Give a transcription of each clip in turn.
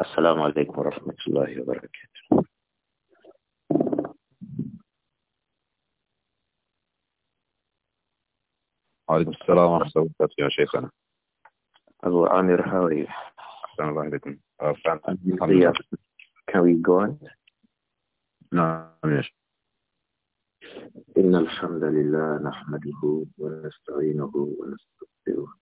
السلام عليكم ورحمة الله وبركاته وعليكم السلام ورحمة الله وبركاته يا شيخنا أبو عامر حاوي السلام الله إليكم آه، Can we go on? نعم يا شيخ إن الحمد لله نحمده ونستعينه ونستغفره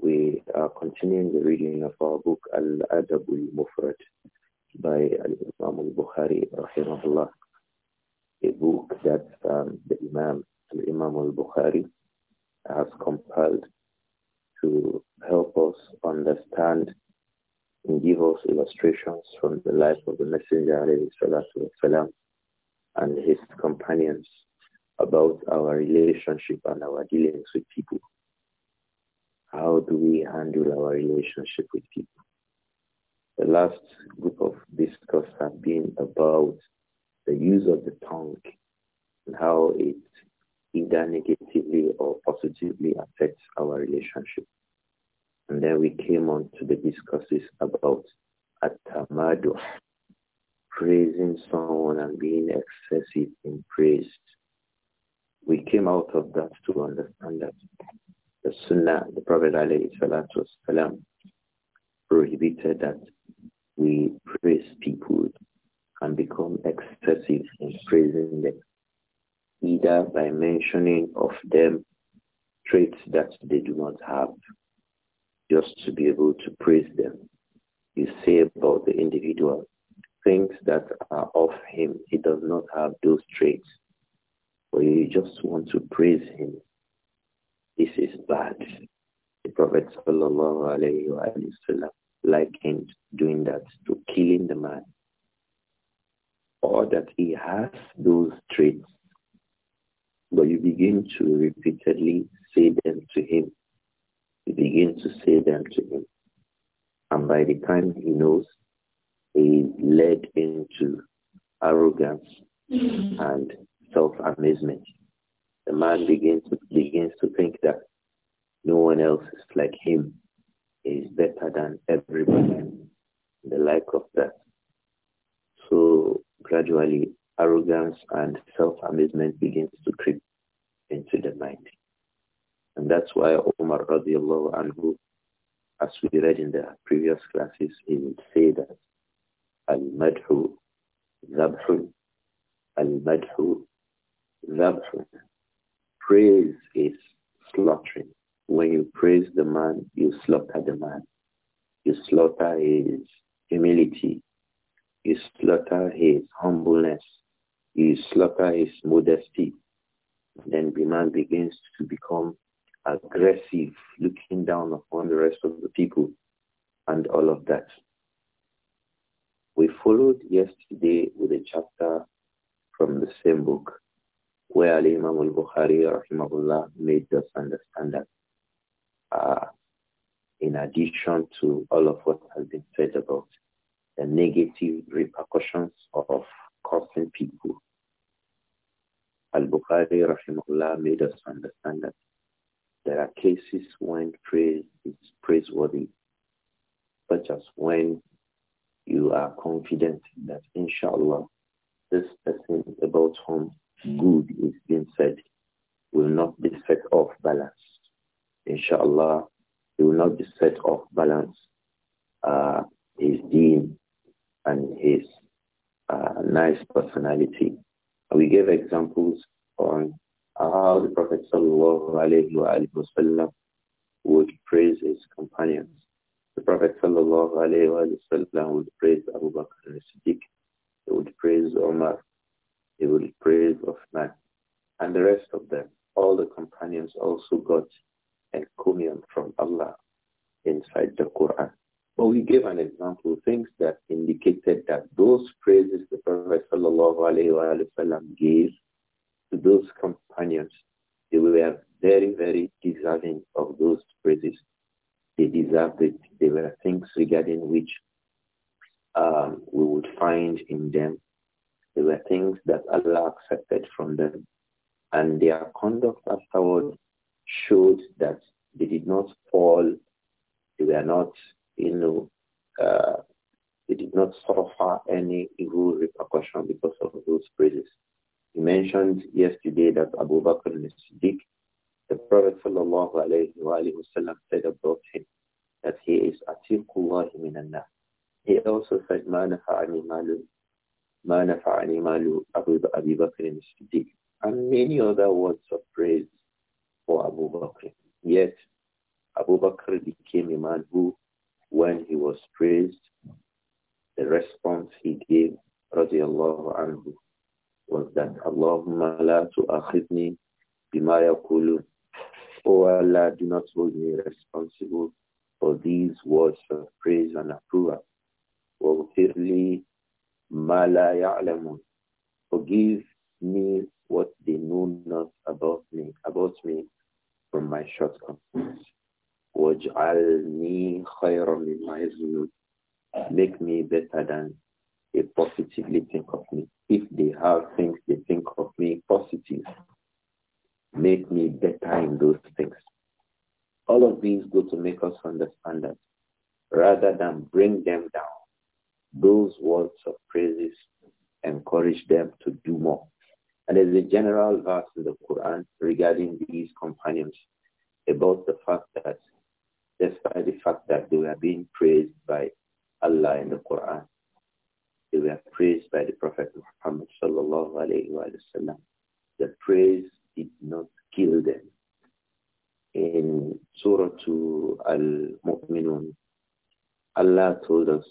We are continuing the reading of our book al Adabul mufrad by Al-Imam al-Bukhari rahimahullah, a book that um, the Imam, Al-Imam al-Bukhari has compiled to help us understand and give us illustrations from the life of the Messenger والسلام, and his companions about our relationship and our dealings with people. How do we handle our relationship with people? The last group of discussions have been about the use of the tongue and how it either negatively or positively affects our relationship. And then we came on to the discussions about atamado, praising someone and being excessive in praise. We came out of that to understand that the Sunnah, the Prophet prohibited that we praise people and become excessive in praising them, either by mentioning of them traits that they do not have, just to be able to praise them. You say about the individual, things that are of him, he does not have those traits, but you just want to praise him this is bad. The Prophet sallallahu alayhi likened doing that to killing the man or that he has those traits. But you begin to repeatedly say them to him. You begin to say them to him. And by the time he knows, he led into arrogance mm-hmm. and self-amazement. The man begins begins to think that no one else is like him. He is better than everybody. The like of that. So gradually, arrogance and self-amazement begins to creep into the mind. And that's why Umar radiallahu anhu, as we read in the previous classes, he would say that al-madhu zabhun, al-madhu zabhun praise is slaughtering. When you praise the man, you slaughter the man. You slaughter his humility. You slaughter his humbleness. You slaughter his modesty. And then the man begins to become aggressive, looking down upon the rest of the people and all of that. We followed yesterday with a chapter from the same book, where Ali Imam al Bukhari rahimahullah made us understand that uh, in addition to all of what has been said about the negative repercussions of causing people. Al-Bukhari rahimahullah made us understand that there are cases when praise is praiseworthy, such as when you are confident that inshallah this person about whom good is being said will not be set off balance. Inshallah, he will not be set off balance. Uh, his deen and his uh, nice personality. We gave examples on how the Prophet وسلم, would praise his companions. The Prophet وسلم, would praise Abu Bakr as siddiq He would praise Omar they will praise Uthman. And the rest of them, all the companions also got encomium from Allah inside the Quran. But we gave an example, things that indicated that those praises the Prophet ﷺ gave to those companions, they were very, very deserving of those praises. They deserved it. They were things regarding which um, we would find in them they were things that Allah accepted from them. And their conduct afterward showed that they did not fall, they were not, you know, uh, they did not suffer any evil repercussion because of those praises. You mentioned yesterday that Abu Bakr al-Siddiq, the Prophet sallallahu alayhi wa sallam said about him that he is atiqullah minan He also said, مَا نَفَعَنِ ما نفعني مال أبي بكر الصديق and many other words of praise for Abu Bakr. Yet Abu Bakr became a man who, when he was praised, the response he gave, radiallahu anhu, was that Allahumma la tu'akhidni bima yakulun. Oh Allah, do not hold me responsible for these words of praise and approval. وَغْفِرْ لِي Mala ya'lamun. Forgive me what they know not about me, about me from my shortcomings. Wajalni خَيْرًا min يَظُنُّونَ Make me better than they positively think of me. If they have things they think of me positive, make me better in those things. All of these go to make us understand that rather than bring them down, those words of praises encourage them to do more. And there's a general verse in the Quran regarding these companions about the fact that despite the fact that they were being praised by Allah in the Quran, they were praised by the Prophet Muhammad sallallahu alayhi wa sallam. The praise did not kill them. In Surah Al-Mu'minun, Allah told us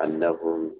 أنهم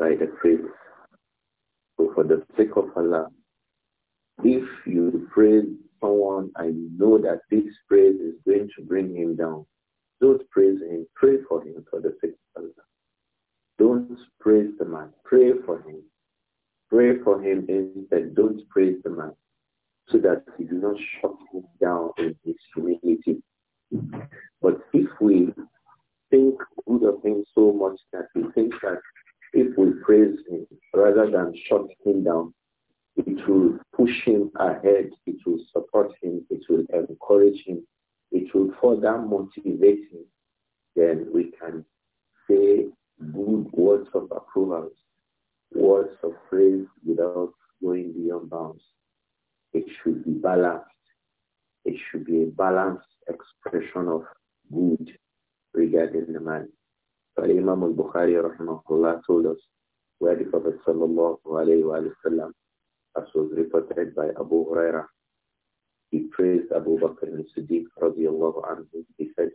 by the praise. So for the sake of Allah, if you praise someone and you know that this praise is going to bring him down, don't praise him. Pray for him for the sake of Allah. Don't praise the man. Pray for him. Pray for him instead. Don't praise the man so that you do not shut him down in his humility. But if we think good of him so much that we think that if we praise him rather than shut him down, it will push him ahead, it will support him, it will encourage him, it will further motivate him, then we can say good words of approval, words of praise without going beyond bounds. It should be balanced. It should be a balanced expression of good regarding the man. Imam al-Bukhari rahimahullah told us where the Prophet sallallahu alayhi wa sallam, as was reported by Abu Huraira, he praised Abu Bakr and Siddiq radiallahu anhu. He said,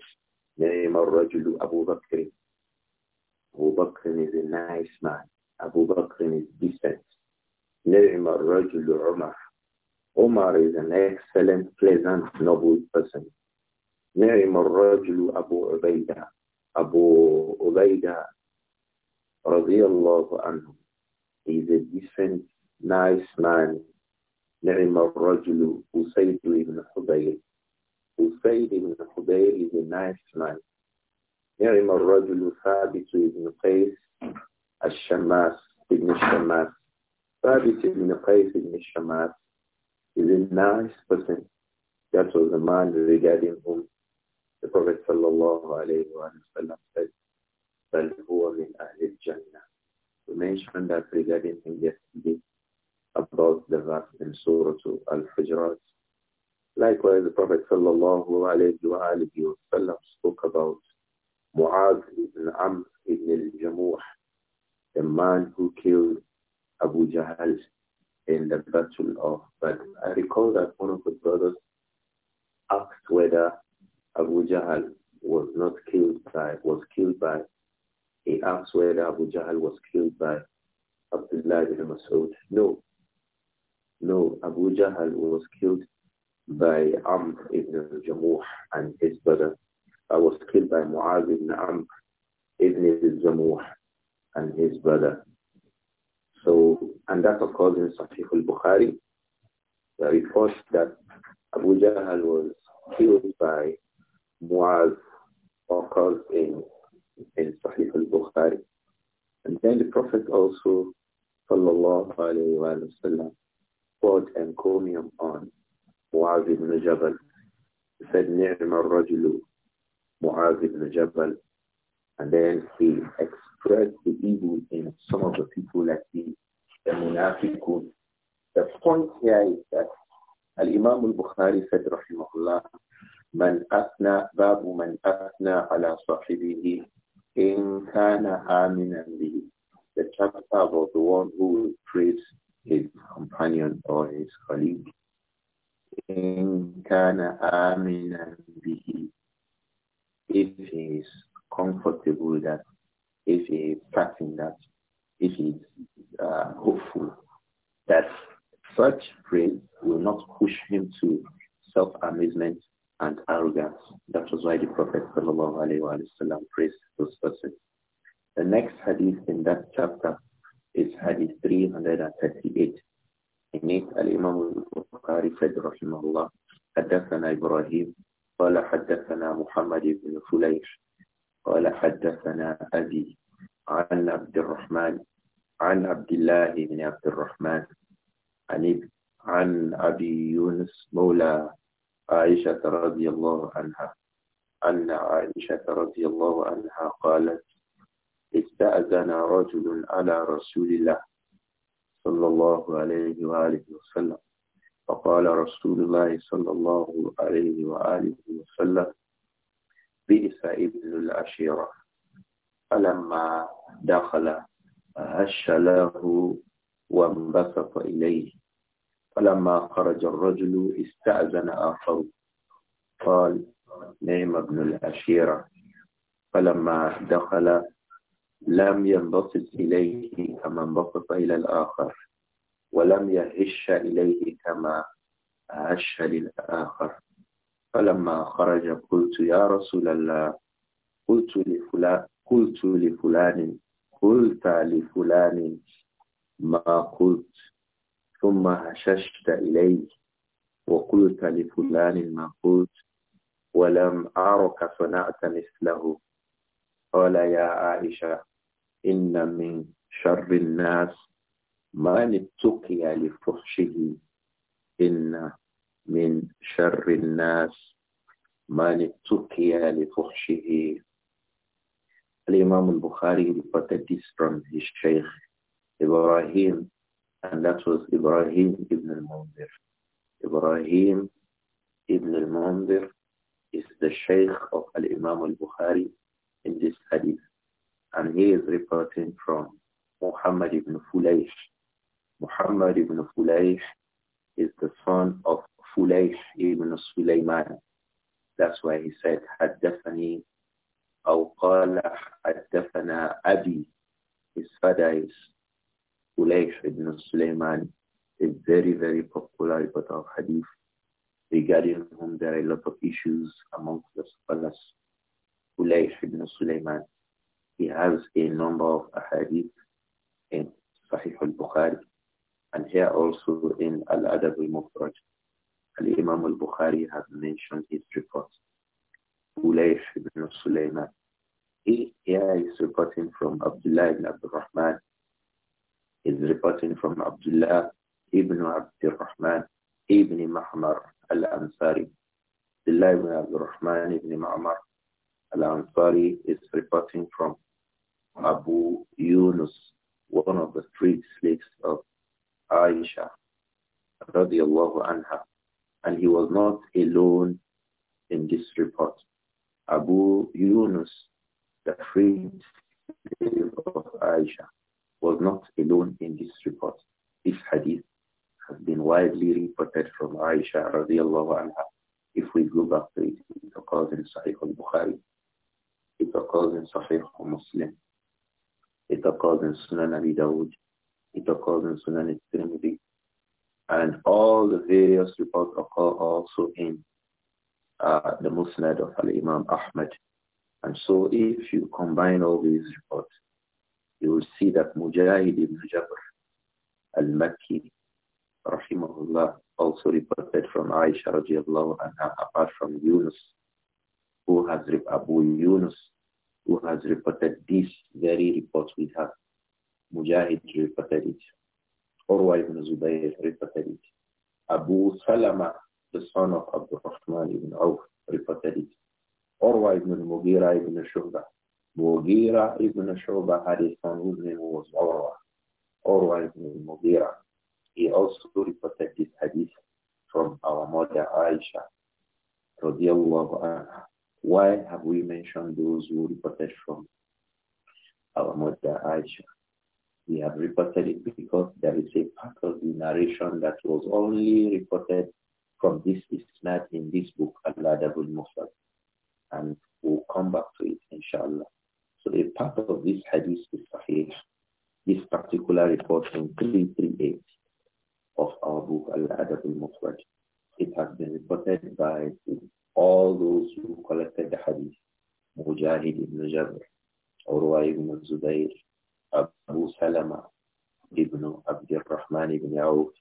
Naim al-Rajulu Abu Bakr. Abu Bakr is a nice man. Abu Bakr is decent. Naim al-Rajulu Umar. Umar is an excellent, pleasant, noble person. Naim al-Rajulu Abu Ubaidah. Abu Ubaidah radiallahu anhu is a different nice man. نعم الرجل أسيد بن حبيب أسيد بن حبيب is a nice man. نعم الرجل ثابت بن قيس الشماس بن الشماس ثابت بن قيس بن الشماس is a nice person. That was the man regarding whom the Prophet sallallahu alayhi wa sallam said, بَلْ هُوَ مِنْ أَهْلِ الْجَنَّةِ We mentioned that regarding him yesterday about the verse in Surah Al-Hujurat. Likewise, the Prophet sallallahu alayhi wa alihi spoke about Mu'adh ibn Amr ibn al-Jamuh, the man who killed Abu Jahal in the battle of Badr. I recall that one of the brothers asked whether Abu Jahal was not killed by, was killed by, he asks whether Abu Jahal was killed by Abdullah ibn Mas'ud. No. No, Abu Jahal was killed by Amr ibn Jamuh and his brother. I was killed by Muaz ibn Amr ibn Jamuh and his brother. So, and that occurs in Sahih al-Bukhari. The report that Abu Jahal was killed by Muaz occurs in, in Sahih al-Bukhari. And then the Prophet also, sallallahu alayhi wa sallam, put encomium on Muaz ibn Jabal. He said, Ni'ma al-rajulu, Muaz ibn Jabal. And then he expressed the evil in some of the people like the, the munafiqun. The point here is that Al-Imam al-Bukhari said, rahimahullah, من أثنى باب من أثنى على صاحبه إن كان آمنا به The chapter about the one who praise his companion or his colleague. إن كان آمنا به If he is comfortable that, if he is trusting, that, if he is uh, hopeful that such praise will not push him to self-amazement and arrogance. That was why the Prophet وسلم, praised those persons. The next hadith in that chapter is hadith 338. In it, Al-Imam al حدثنا إبراهيم قال حدثنا محمد بن فليح قال حدثنا أبي عن عبد الرحمن عن عبد الله بن عبد الرحمن عن أبي يونس مولى عائشة رضي الله عنها أن عائشة رضي الله عنها قالت استأذن رجل على رسول الله صلى الله عليه وآله وسلم فقال رسول الله صلى الله عليه وآله وسلم بئس ابن العشيرة فلما دخل هش له وانبسط إليه فلما خرج الرجل استأذن آخر قال نعم ابن العشيرة فلما دخل لم ينبسط إليه كما انبسط إلى الآخر ولم يهش إليه كما هش للآخر فلما خرج قلت يا رسول الله قلت لفلان قلت لفلان قلت لفلان ما قلت ثم هششت إليه وقلت لفلان ما قلت ولم أرك صنعت مثله قال يا عائشة إن من شر الناس من اتقي لفحشه إن من شر الناس من اتقي لفحشه الإمام البخاري reported this from his Ibrahim and that was Ibrahim ibn al mundhir Ibrahim ibn al mundhir is the Shaykh of al-Imam al-Bukhari in this hadith. And he is reporting from Muhammad ibn Fulaysh. Muhammad ibn Fulaysh is the son of Fulaysh ibn Sulayman. That's why he said, حدثني أو قال حدثنا أبي. His father is Ulaysh ibn Sulaiman, is very, very popular with our hadith, regarding whom there are a lot of issues amongst the scholars. Ulaysh ibn Sulaiman, he has a number of hadith in Sahih al-Bukhari, and here also in Al-Adab al-Mufraj. Al-Imam al-Bukhari has mentioned his report. Ulaysh ibn Sulaiman. He here is reporting from Abdullah ibn Abdurrahman is reporting from Abdullah ibn Abdurrahman ibn Mahmar al-Ansari. Abdullah ibn Abdurrahman ibn Mahmar al-Ansari is reporting from Abu Yunus, one of the three slaves of Aisha radiallahu anha. And he was not alone in this report. Abu Yunus, the freed slave of Aisha, was not alone in this report. This hadith has been widely reported from Aisha radiallahu anha. If we go back to it, it occurs in Sahih al-Bukhari. It occurs in Sahih al-Muslim. It occurs in Sunan Abi Dawud. It occurs in Sunan al-Tirmidhi. And all the various reports occur also in uh, the Musnad of Al-Imam Ahmad. And so if you combine all these reports, you will see that Mujahid ibn Jabr al-Makki, rahimahullah, also reported from Aisha radiallahu anha, apart from Yunus, who has, Abu Yunus, who has reported this very report with her. Mujahid reported it. Urwa ibn Zubayr reported it. Abu Salama, the son of Abdul Rahman ibn Auf, reported it. Urwa ibn Mughira ibn Shuhba Mughira ibn Shu'bah had a son whose name was Urwa. Urwa ibn Mughira. He also reported this hadith from our mother Aisha. Why have we mentioned those who reported from our mother Aisha? We have reported it because there is a part of the narration that was only reported from this isnad in this book, Al-Adab al And we'll come back to it, inshallah. So a part of this hadith is sahih, this particular report in 338 of our book Al-Adab al-Mufrad. It has been reported by all those who collected the hadith, Mujahid ibn Jabr, Urwa ibn Zubayr, Abu Salama ibn Abdul Rahman ibn Auf,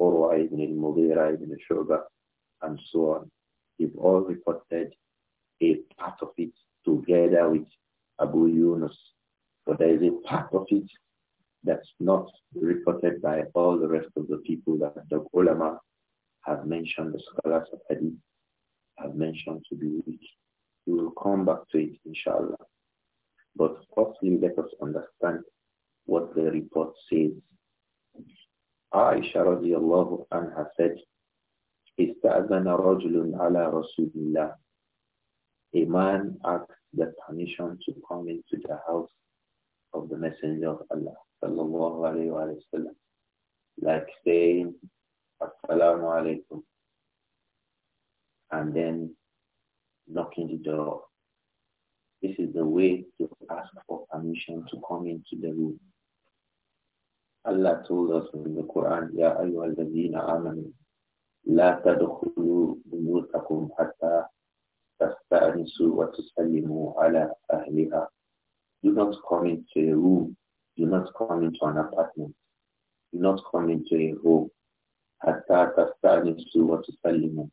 Urwa ibn al-Mughira ibn Shu'ba, and so on. They've all reported a part of it together with Abu Yunus. But there is a part of it that's not reported by all the rest of the people that the ulama have mentioned, the scholars of hadith have mentioned to be weak. We will come back to it, inshallah. But firstly, let us understand what the report says. Aisha radiallahu anha said, استأذن رجل على رسول الله a man asks the permission to come into the house of the Messenger of Allah, sallallahu alayhi wa sallam, like saying, assalamu alaikum, and then knocking the door. This is the way to ask for permission to come into the room. Allah told us in the Quran, Ya ayyuhalladhina amanu, la tadkhulu buyutakum hatta تستأنسوا وتسلموا على أهلها Do not come into a room. Do not come into an apartment. Do not come into a home. حتى تستأنسوا وتسلموا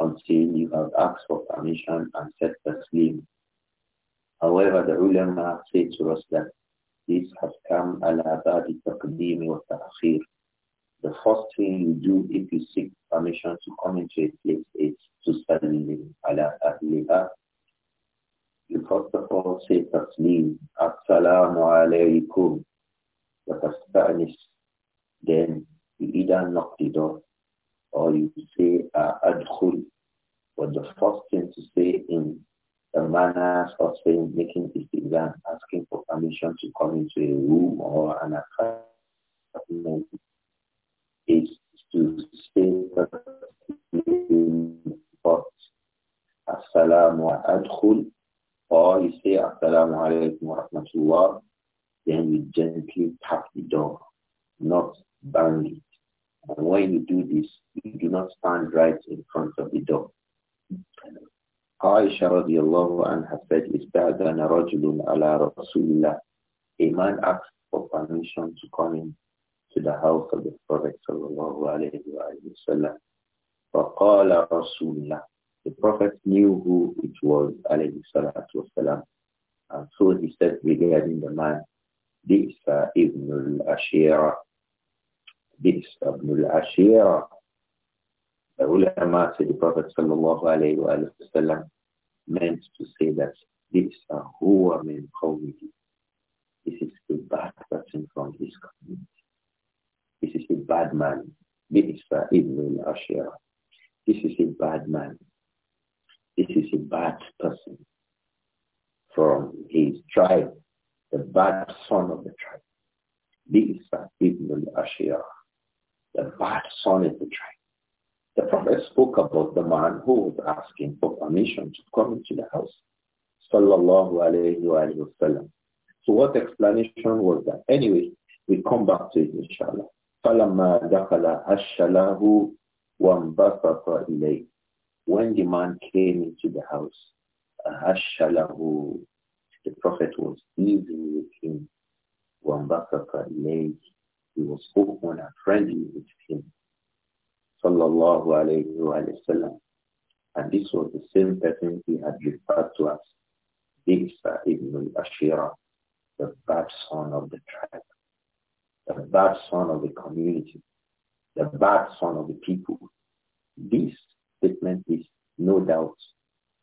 Until you have asked for permission and said taslim. However, the ulama say to us that this has come على باب التقديم والتأخير the first thing you do if you seek permission to come into a place is to say ala ahliha. You first of all say taslim, assalamu alaikum, Spanish. Then you either knock the door or you say ah, adkhul. But the first thing to say in the manners of saying, making this exam, asking for permission to come into a room or an apartment is to say but Assalamu wa adkhul or you say Assalamu alaikum wa rahmatullah then you gently tap the door, not bang it. And when you do this, you do not stand right in front of the door. Aisha radiallahu anha said, Istadana rajulun ala rasulillah. A man asks for permission to come in to the house of the Prophet sallallahu alayhi wa فَقَالَ رَسُولُ The Prophet knew who it was, alayhi salatu wasalam. And so he said regarding the man, بِئْسَ ibn al-Ashira. بِئْسَ ibn al-Ashira. The ulama said the Prophet sallallahu alayhi wa meant to say that بِئْسَ هُوَ مِنْ قَوْمِهِ This is the bad person from his community. This is a bad man. Bi'sa ibn al-Ashir. This is a bad man. This is a bad person from his tribe, the bad son of the tribe. This ibn al-Ashir, the bad son of the tribe. The Prophet spoke about the man who was asking for permission to come into the house. Sallallahu alayhi wa, So what explanation was that? Anyway, we come back to it inshallah. فَلَمَّا دَخَلَ وَانْبَسَطَ إِلَيْهِ When the man came into the house, هَشَّلَهُ The Prophet was easy with him. وَانْبَسَطَ إِلَيْهِ He was open and friendly with him. Sallallahu alayhi wa sallam. And this was the same person he had referred to as Isa ibn al-Ashira, the bad son of the tribe the bad son of the community, the bad son of the people. This statement is no doubt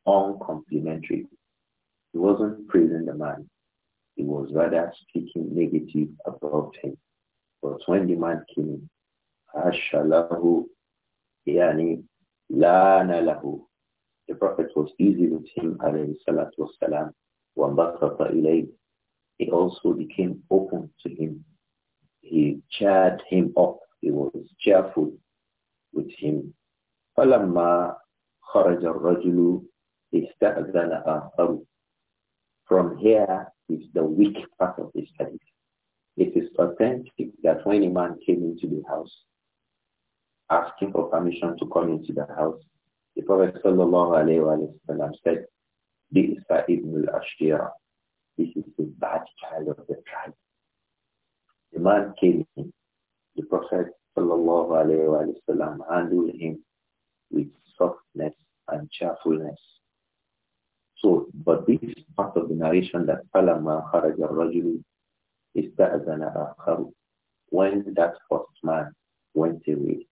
uncomplimentary. He wasn't praising the man. He was rather speaking negative about him. But when the man came, Ashalahu Yani Lana Lahu. The Prophet was easy with him, alayhi salatu wasalam, wa He also became open to him he cheered him up. He was cheerful with him. فلما خرج الرجل استأذن آخر. From here is the weak part of this hadith. It is authentic that when a man came into the house, asking for permission to come into the house, the Prophet sallallahu alayhi wa said, this is ibn al-Ashira. This is the bad child of the tribe. The man came in. The Prophet sallallahu alayhi wa, sallam, handled him with softness and cheerfulness. So, but this part of the narration that فَلَمَّا خَرَجَ الرَّجُلُ إِسْتَأْذَنَ When that first man went away,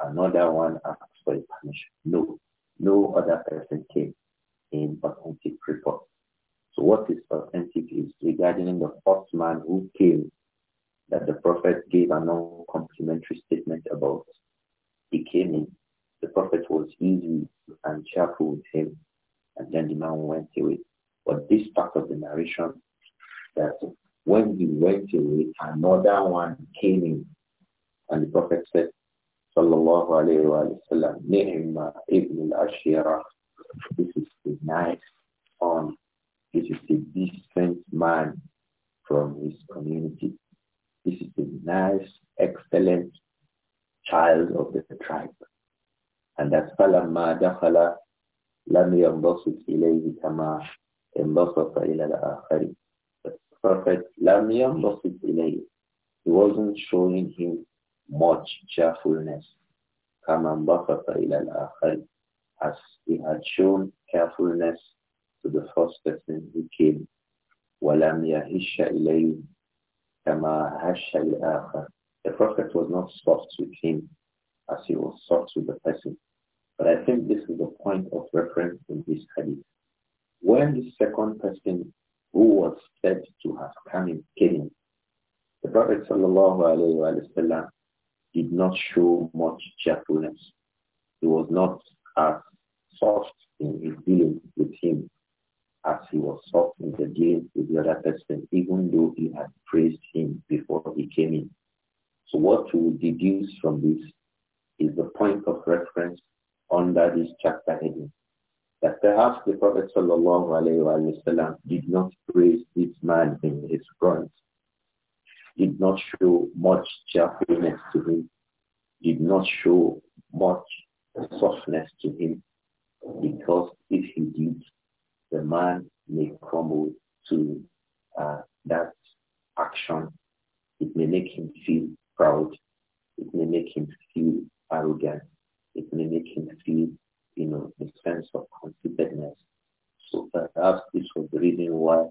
another one asked for punishment. permission. No, no other person came in authentic report. So what is authentic is regarding the first man who came that the Prophet gave a non-complimentary statement about. He came in, the Prophet was easy and cheerful with him, and then the man went away. But this part of the narration that when he went away, another one came in, and the Prophet said, Sallallahu Alaihi Wasallam, Ni'ma ibn al this is the nice son, this is a distant man from his community. This is a nice, excellent child of the tribe. And that فَلَمَّا دَخَلَ لَمْ يَنْبَسُتْ إِلَيْهِ كَمَا انبسط إلى الآخرين. The Prophet لَمْ يَنْبَسُتْ إِلَيْهِ He wasn't showing him much cheerfulness. كَمَا انبسط إلى الآخرين. As he had shown carefulness to the first person who came. وَلَمْ يَهِشَّ إِلَيْهِ uh, the Prophet was not soft with him as he was soft with the person. But I think this is the point of reference in this hadith. When the second person who was said to have come in killing, the Prophet wasallam did not show much cheerfulness. He was not as soft in his dealing with him as he was talking the deal with the other person, even though he had praised him before he came in. So what we deduce from this is the point of reference under this chapter heading. That perhaps the Prophet wasallam did not praise this man in his front, did not show much cheerfulness to him, did not show much softness to him, because if he did, the man may crumble to uh, that action. It may make him feel proud. It may make him feel arrogant. It may make him feel, you know, a sense of confidence. So perhaps this was the reason why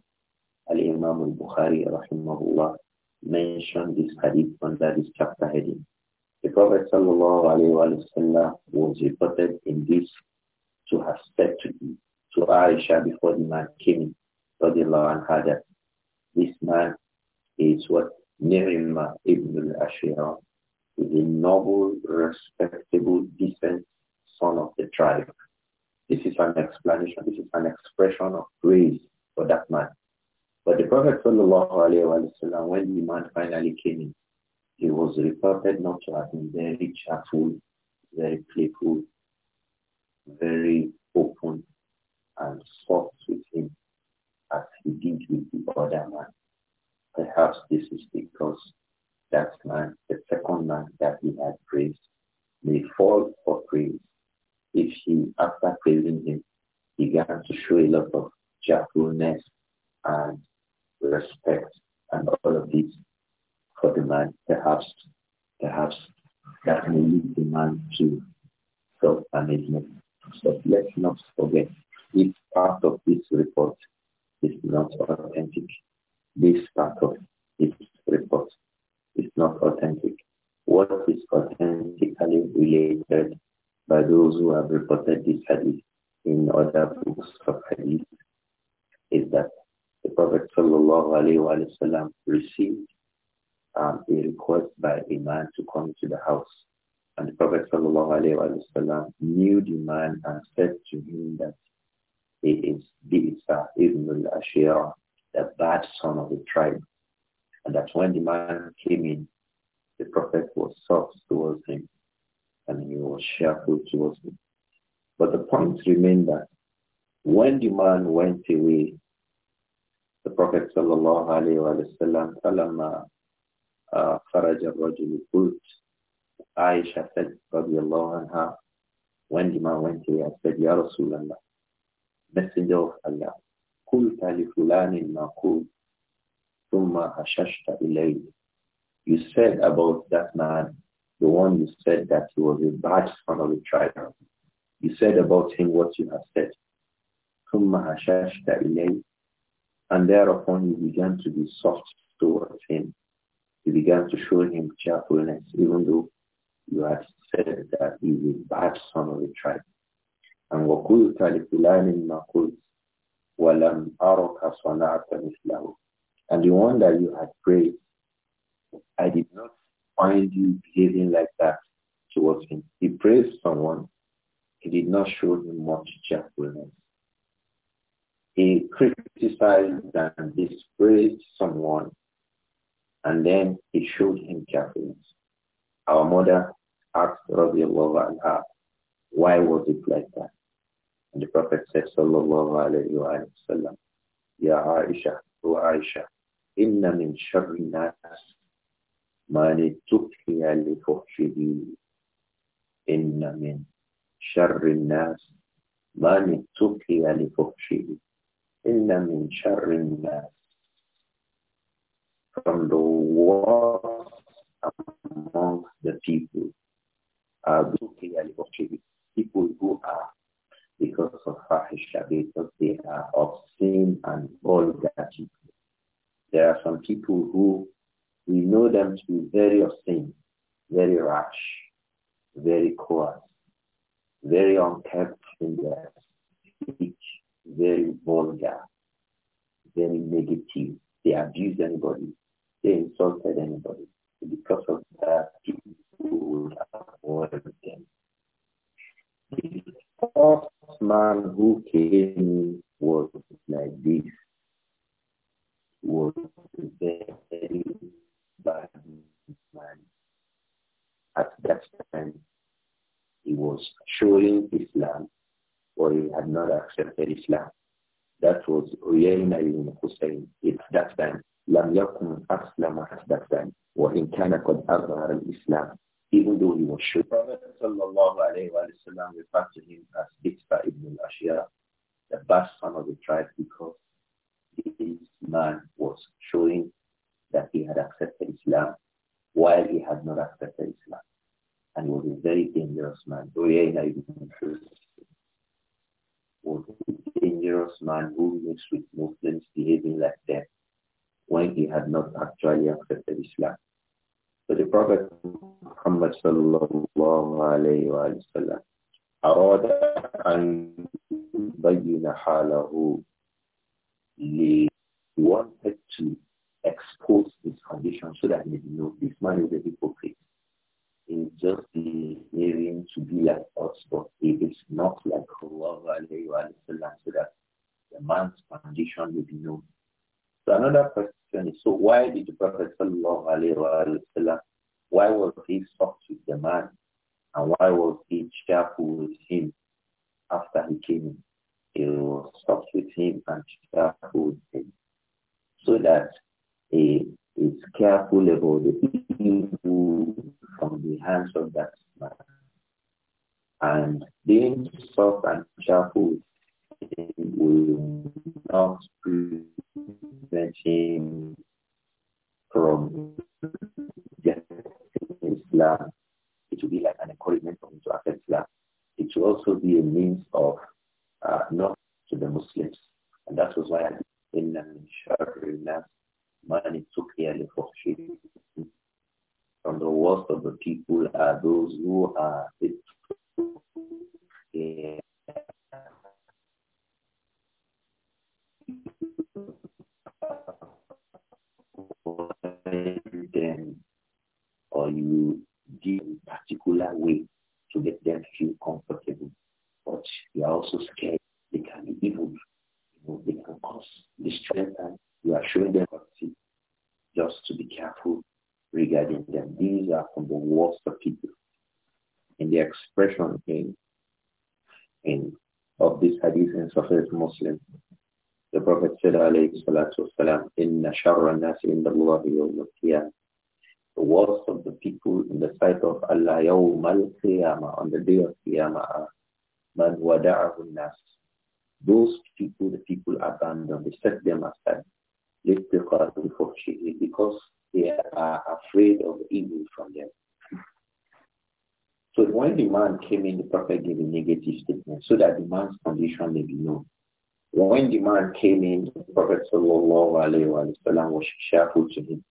Ali imam al-Bukhari, rahimahullah, mentioned this hadith under this chapter heading. The Prophet sallallahu alayhi wa sallam was reported in this to have said to him, to Aisha before the man came in, radiallahu anha, that this man is what Nirima ibn al-Ashira is a noble, respectable, decent son of the tribe. This is an explanation, this is an expression of praise for that man. But the Prophet alayhi wa when the man finally came in, he was reported not to have been very cheerful, very playful, very open, and fought with him as he did with the other man. Perhaps this is because that man, the second man that he had praised, may fall for praise if he, after praising him, began to show a lot of gentleness and respect and all of this for the man. Perhaps, perhaps that may lead the man to self-management. But let's not forget if part of this report is not authentic. This part of this report is not authentic. What is authentically related by those who have reported this hadith in other books of hadith is that the Prophet wasallam received um, a request by a man to come to the house. And the Prophet wasallam knew the man and said to him that he is Bisa even al-Ashira, the bad son of the tribe. And that when the man came in, the prophet was soft towards him and he was cheerful towards him. But the point remained that when the man went away, the Prophet sallallahu alayhi wa sallam, خرج الرجل قلت Aisha said, رضي الله عنها, when the man went away, I said, Ya Rasulallah, Messenger of Allah, You said about that man, the one you said that he was a bad son of the tribe. You said about him what you have said. ثم هششت إليه. And thereupon you began to be soft towards him. You began to show him cheerfulness, even though you had said that he was a bad son of the tribe. And وَقُلْتَ لِفُلَانٍ مَا قُلْتَ وَلَمْ أَرَكَ صَنَعْتَ مِثْلَهُ And the one that you had prayed, I did not find you behaving like that towards him. He praised someone. He did not show him much gentleness. He criticized and dispraised someone, and then he showed him gentleness. Our mother asked Rabbi Allah why was it like that? And the Prophet said, Sallallahu alayhi wa sallam, Ya Aisha, O Aisha, Inna min sharri nas mani tukhiya li fuhshihi. Inna min sharri nas mani tukhiya li fuhshihi. Inna min sharri nas from the war among the people. Abu Kiyali Fuhshihi people who are, because of fahisha, because they are obscene and vulgar people. There are some people who we know them to be very obscene, very rash, very coarse, very unkempt in their speech, very vulgar, very negative. They abuse anybody. They insulted anybody. Because of that, people would avoid them first man who came was like this, was very bad man. At that time, he was showing Islam, or he had not accepted Islam. That was Uyayna ibn Hussein. It's that time. لم يكن أسلم at that time. وإن كان قد أظهر الإسلام even though he was sure. The Prophet sallallahu alayhi wa man, Uyayna ibn was a dangerous man who mixed with Muslims behaving like them when he had not actually accepted Islam. So the Prophet Muhammad sallallahu particular way to make them feel comfortable. But we are also scared they can be evil. You know, they can cause distress and we are showing them mercy just to be careful regarding them. These are from the worst of people. And the expression in, in of this hadith in Sahih Muslim, the Prophet said, alayhi salatu wasalam, إِنَّ شَرَّ النَّاسِ عِنْدَ اللَّهِ يَوْمَ الْقِيَامَةِ Allah Al القيامة on the day of Qiyamah من ودعه الناس those people the people abandon, they set them aside لاتقاء الفحشه because they are afraid of evil from them so when the man came in the prophet gave a negative statement so that the man's condition may be known when the man came in the prophet sallallahu alaihi wasallam was cheerful to him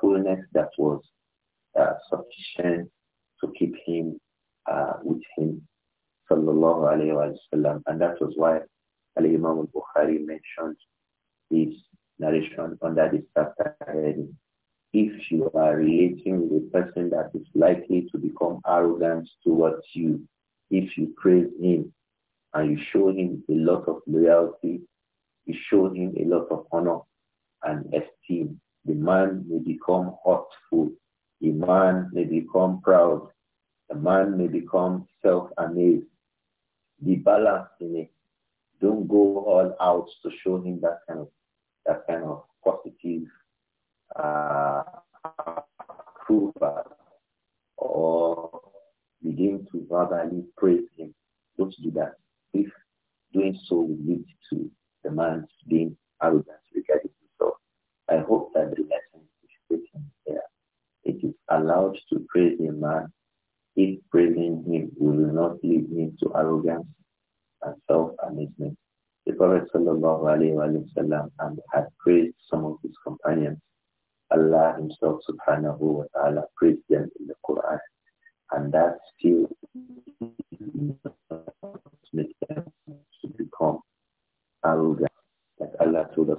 carefulness that was uh, sufficient to keep him uh, with him, sallallahu alayhi wa sallam. And that was why Ali imam al-Bukhari mentioned this narration under this chapter heading. If you are relating with a person that is likely to become arrogant towards you, if you praise him and you show him a lot of loyalty, you show him a lot of honor and esteem, the man may become hurtful. The man may become proud. The man may become self-amazed. Be balanced in it. Don't go all out to show him that kind of, that kind of positive uh, approval or begin to verbally praise him. Don't do that. If doing so will lead to the man being arrogant regarding I hope that the lesson is written there. It is allowed to praise a man if praising him will not lead him to arrogance and self-amazement. The Prophet wasallam had praised some of his companions. Allah himself subhanahu wa ta'ala praised them in the Quran. And that still makes them to become arrogant Allah told us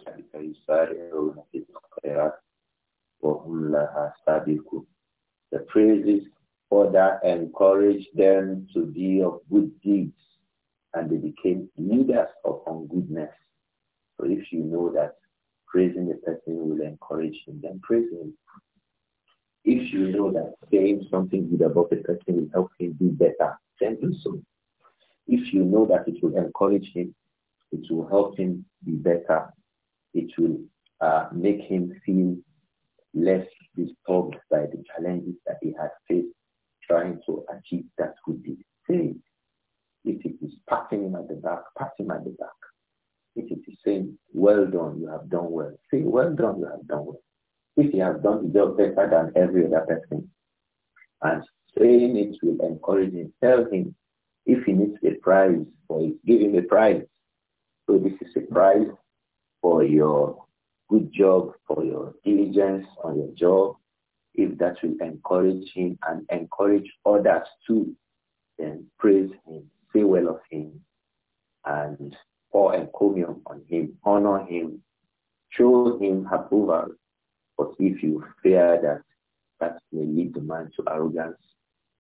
the praises further encouraged them to be of good deeds and they became leaders of ungoodness. So if you know that praising a person will encourage him, then praise him. If you know that saying something good about a person will help him do better, then do so. If you know that it will encourage him, it will help him be better. It will uh, make him feel less disturbed by the challenges that he has faced trying to achieve that good deed. If it is patting him at the back, pat him at the back. If it is saying, well done, you have done well, say, well done, you have done well. If he has done the job better than every other person, and saying it will encourage him, tell him if he needs a prize or give him a prize, so this is a prize for your good job, for your diligence on your job. If that will encourage him and encourage others too, then praise him, say well of him, and pour encomium on him, honor him, show him approval. But if you fear that that may lead the man to arrogance,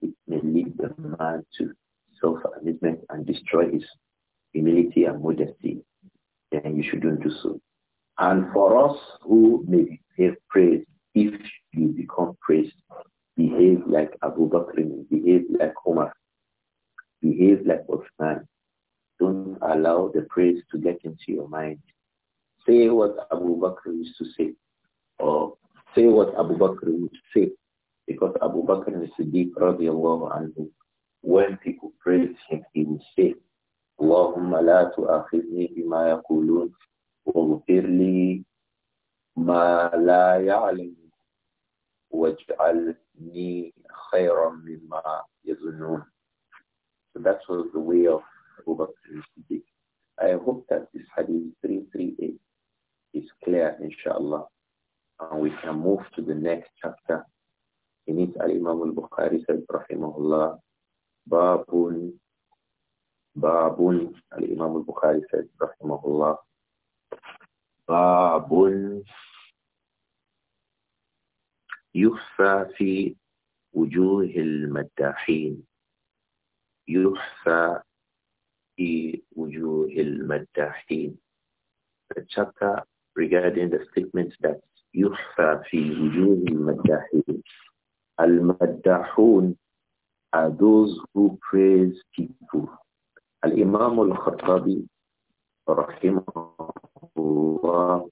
it may lead the man to self-amazement and destroy his humility and modesty, then you shouldn't do so. And for us who may behave praised, if you become praised, behave like Abu Bakr, behave like Omar, behave like Uthman. Don't allow the praise to get into your mind. Say what Abu Bakr used to say, or say what Abu Bakr would say, because Abu Bakr is Siddiq radiallahu anhu, when people praise him, he will say, اللهم لا تؤاخذني بما يقولون واغفر لي ما لا يعلم واجعلني خيرا مما يظنون So that was the way of Abu Bakr Siddiq. I hope that this hadith 338 is clear, inshallah. And we can move to the next chapter. In it, Al-Imam al-Bukhari said, rahimahullah, Babun باب الإمام البخاري سيد رحمه الله باب يحفى في وجوه المداحين يحفى في وجوه المداحين The chapter regarding the statement that يحفى في وجوه المداحين المداحون are those who praise people Al-Imam al-Khattabi, rahimahullah,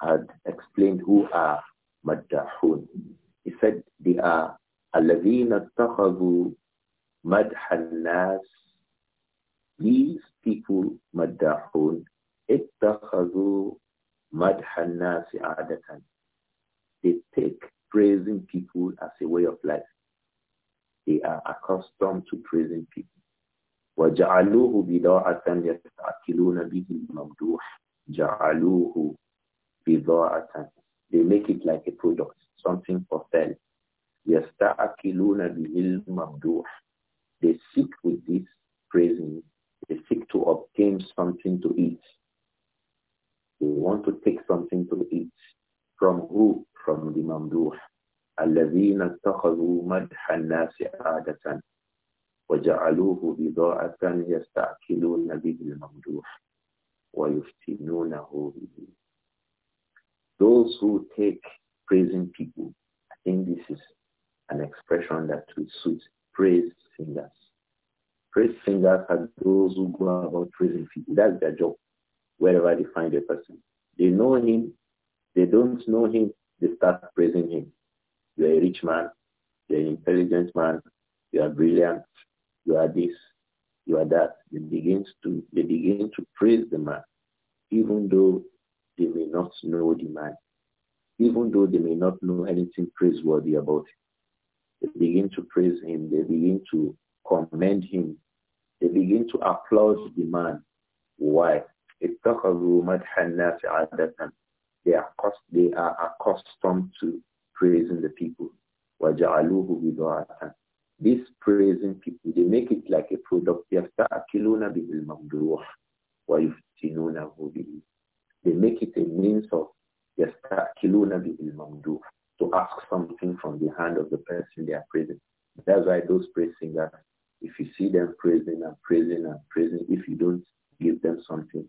had explained who are maddahun. He said they are الَّذِينَ اتَّخَذُوا مَدْحَ النَّاسِ These people, maddahun, اتَّخَذُوا مَدْحَ النَّاسِ عَادَةً They take praising people as a way of life. They are accustomed to praising people. وَجَعَلُوهُ بِضَاعَةً يَسْتَعْكِلُونَ بِهِ الْمَمْدُوحِ جَعَلُوهُ بِضَاعَةً They make it like a product, something for sale. يَسْتَأْكِلُونَ بِهِ الْمَمْدُوحِ They seek with this praising. They seek to obtain something to eat. They want to take something to eat. From who? From the ممدوح. الذين اتخذوا مدح الناس عادة وجعلوه بضاعة به الممدوح ويفتنونه به Those who take praising people, I think this is an expression that will suit praise singers. Praise singers are those who go about praising people. That's their job, wherever they find a person. They know him. They don't know him. They start praising him. You're a rich man. You're an intelligent man. You are brilliant you are this, you are that. They begin to they begin to praise the man, even though they may not know the man, even though they may not know anything praiseworthy about him. They begin to praise him. They begin to commend him. They begin to applaud the man. Why? They are, they are accustomed to praising the people. These praising people, they make it like a product. They make it a means of to ask something from the hand of the person they are praising. That's why those praise singers, if you see them praising and praising and praising, if you don't give them something,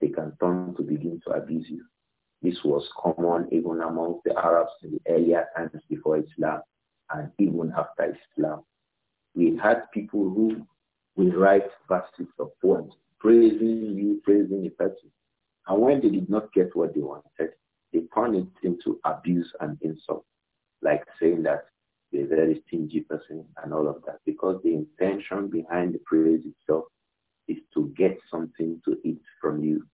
they can turn to begin to abuse you. This was common even amongst the Arabs in the earlier times before Islam and even after Islam. We had people who will write verses of poems praising you, praising the person. And when they did not get what they wanted, they turned it into abuse and insult, like saying that they're very stingy person and all of that, because the intention behind the praise itself is to get something to eat from you.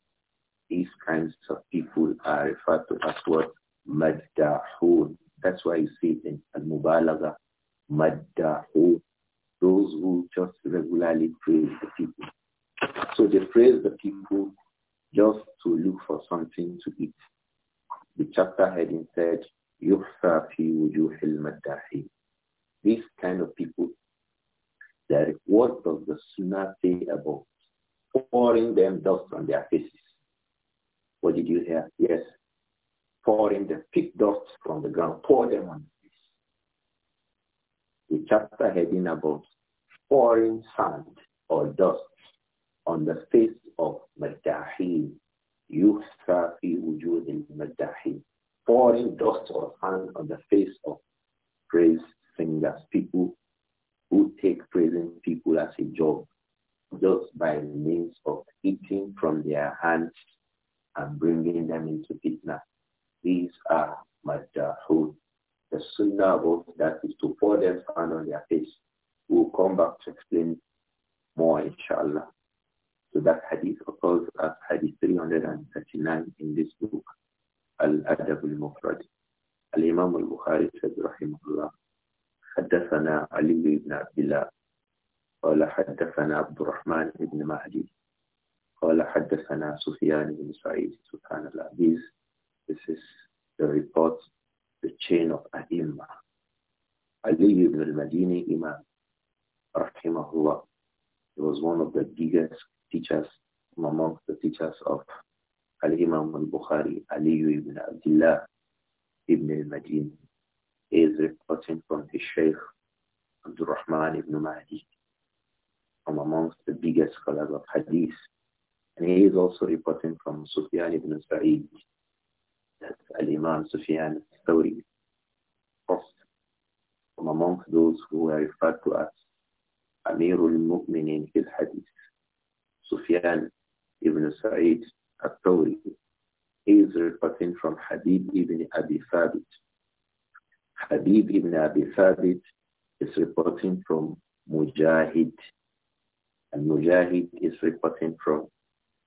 These kinds of people are referred to as what mubalaga amongst those who were referred to as Amirul Mu'minin, his hadith, Sufyan ibn Sa'id al-Tawri. He is reporting from Habib ibn Abi Thabit. Habib ibn Abi Thabit is reporting from Mujahid. And Mujahid is reporting from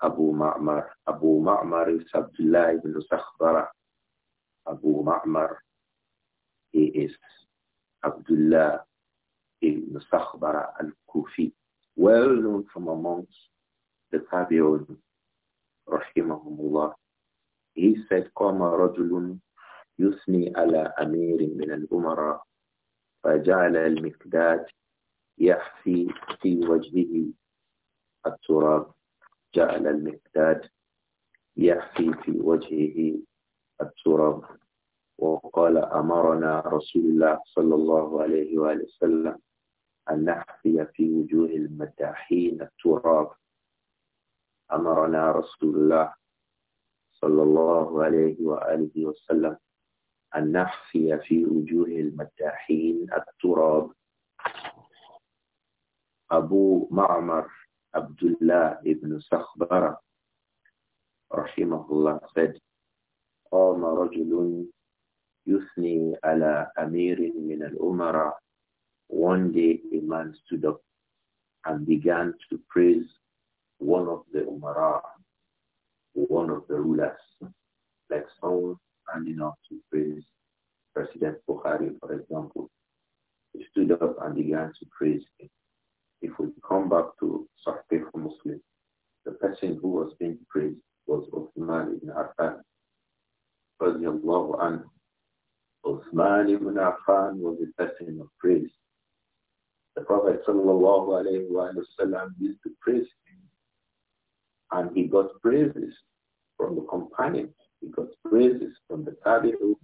Abu Ma'mar. Abu Ma'mar is Abdullah ibn Sakhbara. Abu Ma'mar, he is عبد الله Sakhbara al الكوفي well known from amongst the رحمهم الله He said, قام رجل يثني على أمير من الأمراء فجعل المقداد يحفي في وجهه التراب جعل المقداد يحفي في وجهه التراب وقال أمرنا رسول الله صلى الله عليه وآله وسلم أن نحفي في وجوه المداحين التراب أمرنا رسول الله صلى الله عليه وآله وسلم أن نحفي في وجوه المداحين التراب أبو معمر عبد الله بن سخبرة رحمه الله قال قام رجل يثني على أمير من الأمراء One day a man stood up and began to praise one of the umara, one of the rulers, like someone standing up to praise President Buhari, for example. He stood up and began to praise him. If we come back to Sahih Muslim, the person who was being praised was Uthman ibn Affan, radiallahu anhu. Uthman ibn Affan was a person of praise. The Prophet wasallam used to praise him. And he got praises from the companions. He got praises from the Tabi'u.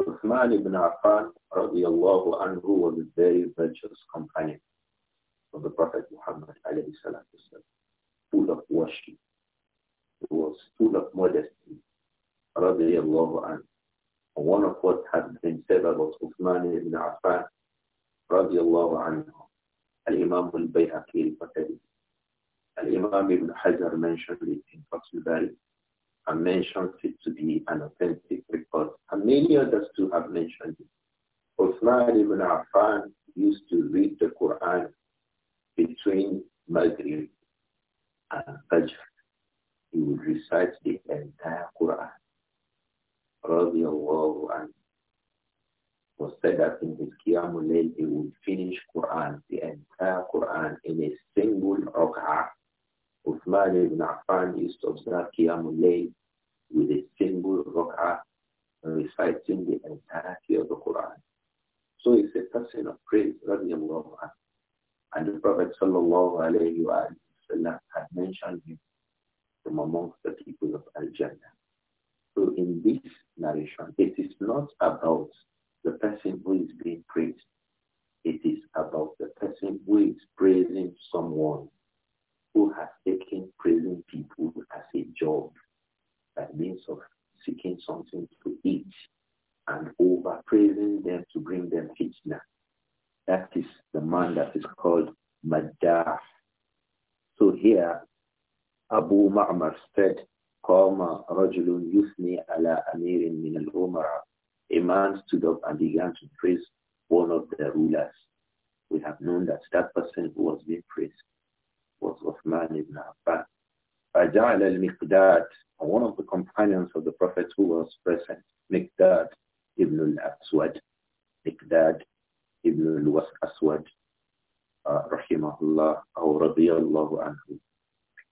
Uthman ibn Affan radiallahu anhu was a very virtuous companion of the Prophet Muhammad alayhi salatu full of worship. He was full of modesty radiallahu anhu one of what had been said about Uthman ibn Affan, radiallahu anhu, Al-Imam al-Bayhaqi reported Al-Imam ibn Hajar mentioned it in Fatul and mentioned it to be an authentic report. And many others too have mentioned it. Uthman ibn Affan used to read the Quran between Maghrib and Fajr. He would recite the entire Quran radiallahu anhu, was said that in his Qiyamul Layl, he would finish Quran, the entire Quran, in a single rak'ah. Uthman ibn Affan used to observe Qiyamul Layl with a single rak'ah and reciting the entirety of the Quran. So it's a person of praise, radiallahu anhu. And the Prophet sallallahu alayhi wa sallam had mentioned him from amongst the people of Al-Jannah. So in this narration, it is not about the person who is being praised. It is about the person who is praising someone who has taken praising people as a job by means of seeking something to eat and over praising them to bring them fitna. That is the man that is called Maddah. So here, Abu Ma'mar said, قام رجل يثني على أمير من الأمراء. A man stood up and began to praise one of the rulers. We have known that that person who was being praised was Uthman ibn Affan. al-Miqdad, one of the companions of the Prophet who was present, Miqdad ibn al-Aswad, Miqdad ibn al-Aswad, uh, rahimahullah, or radiyallahu anhu.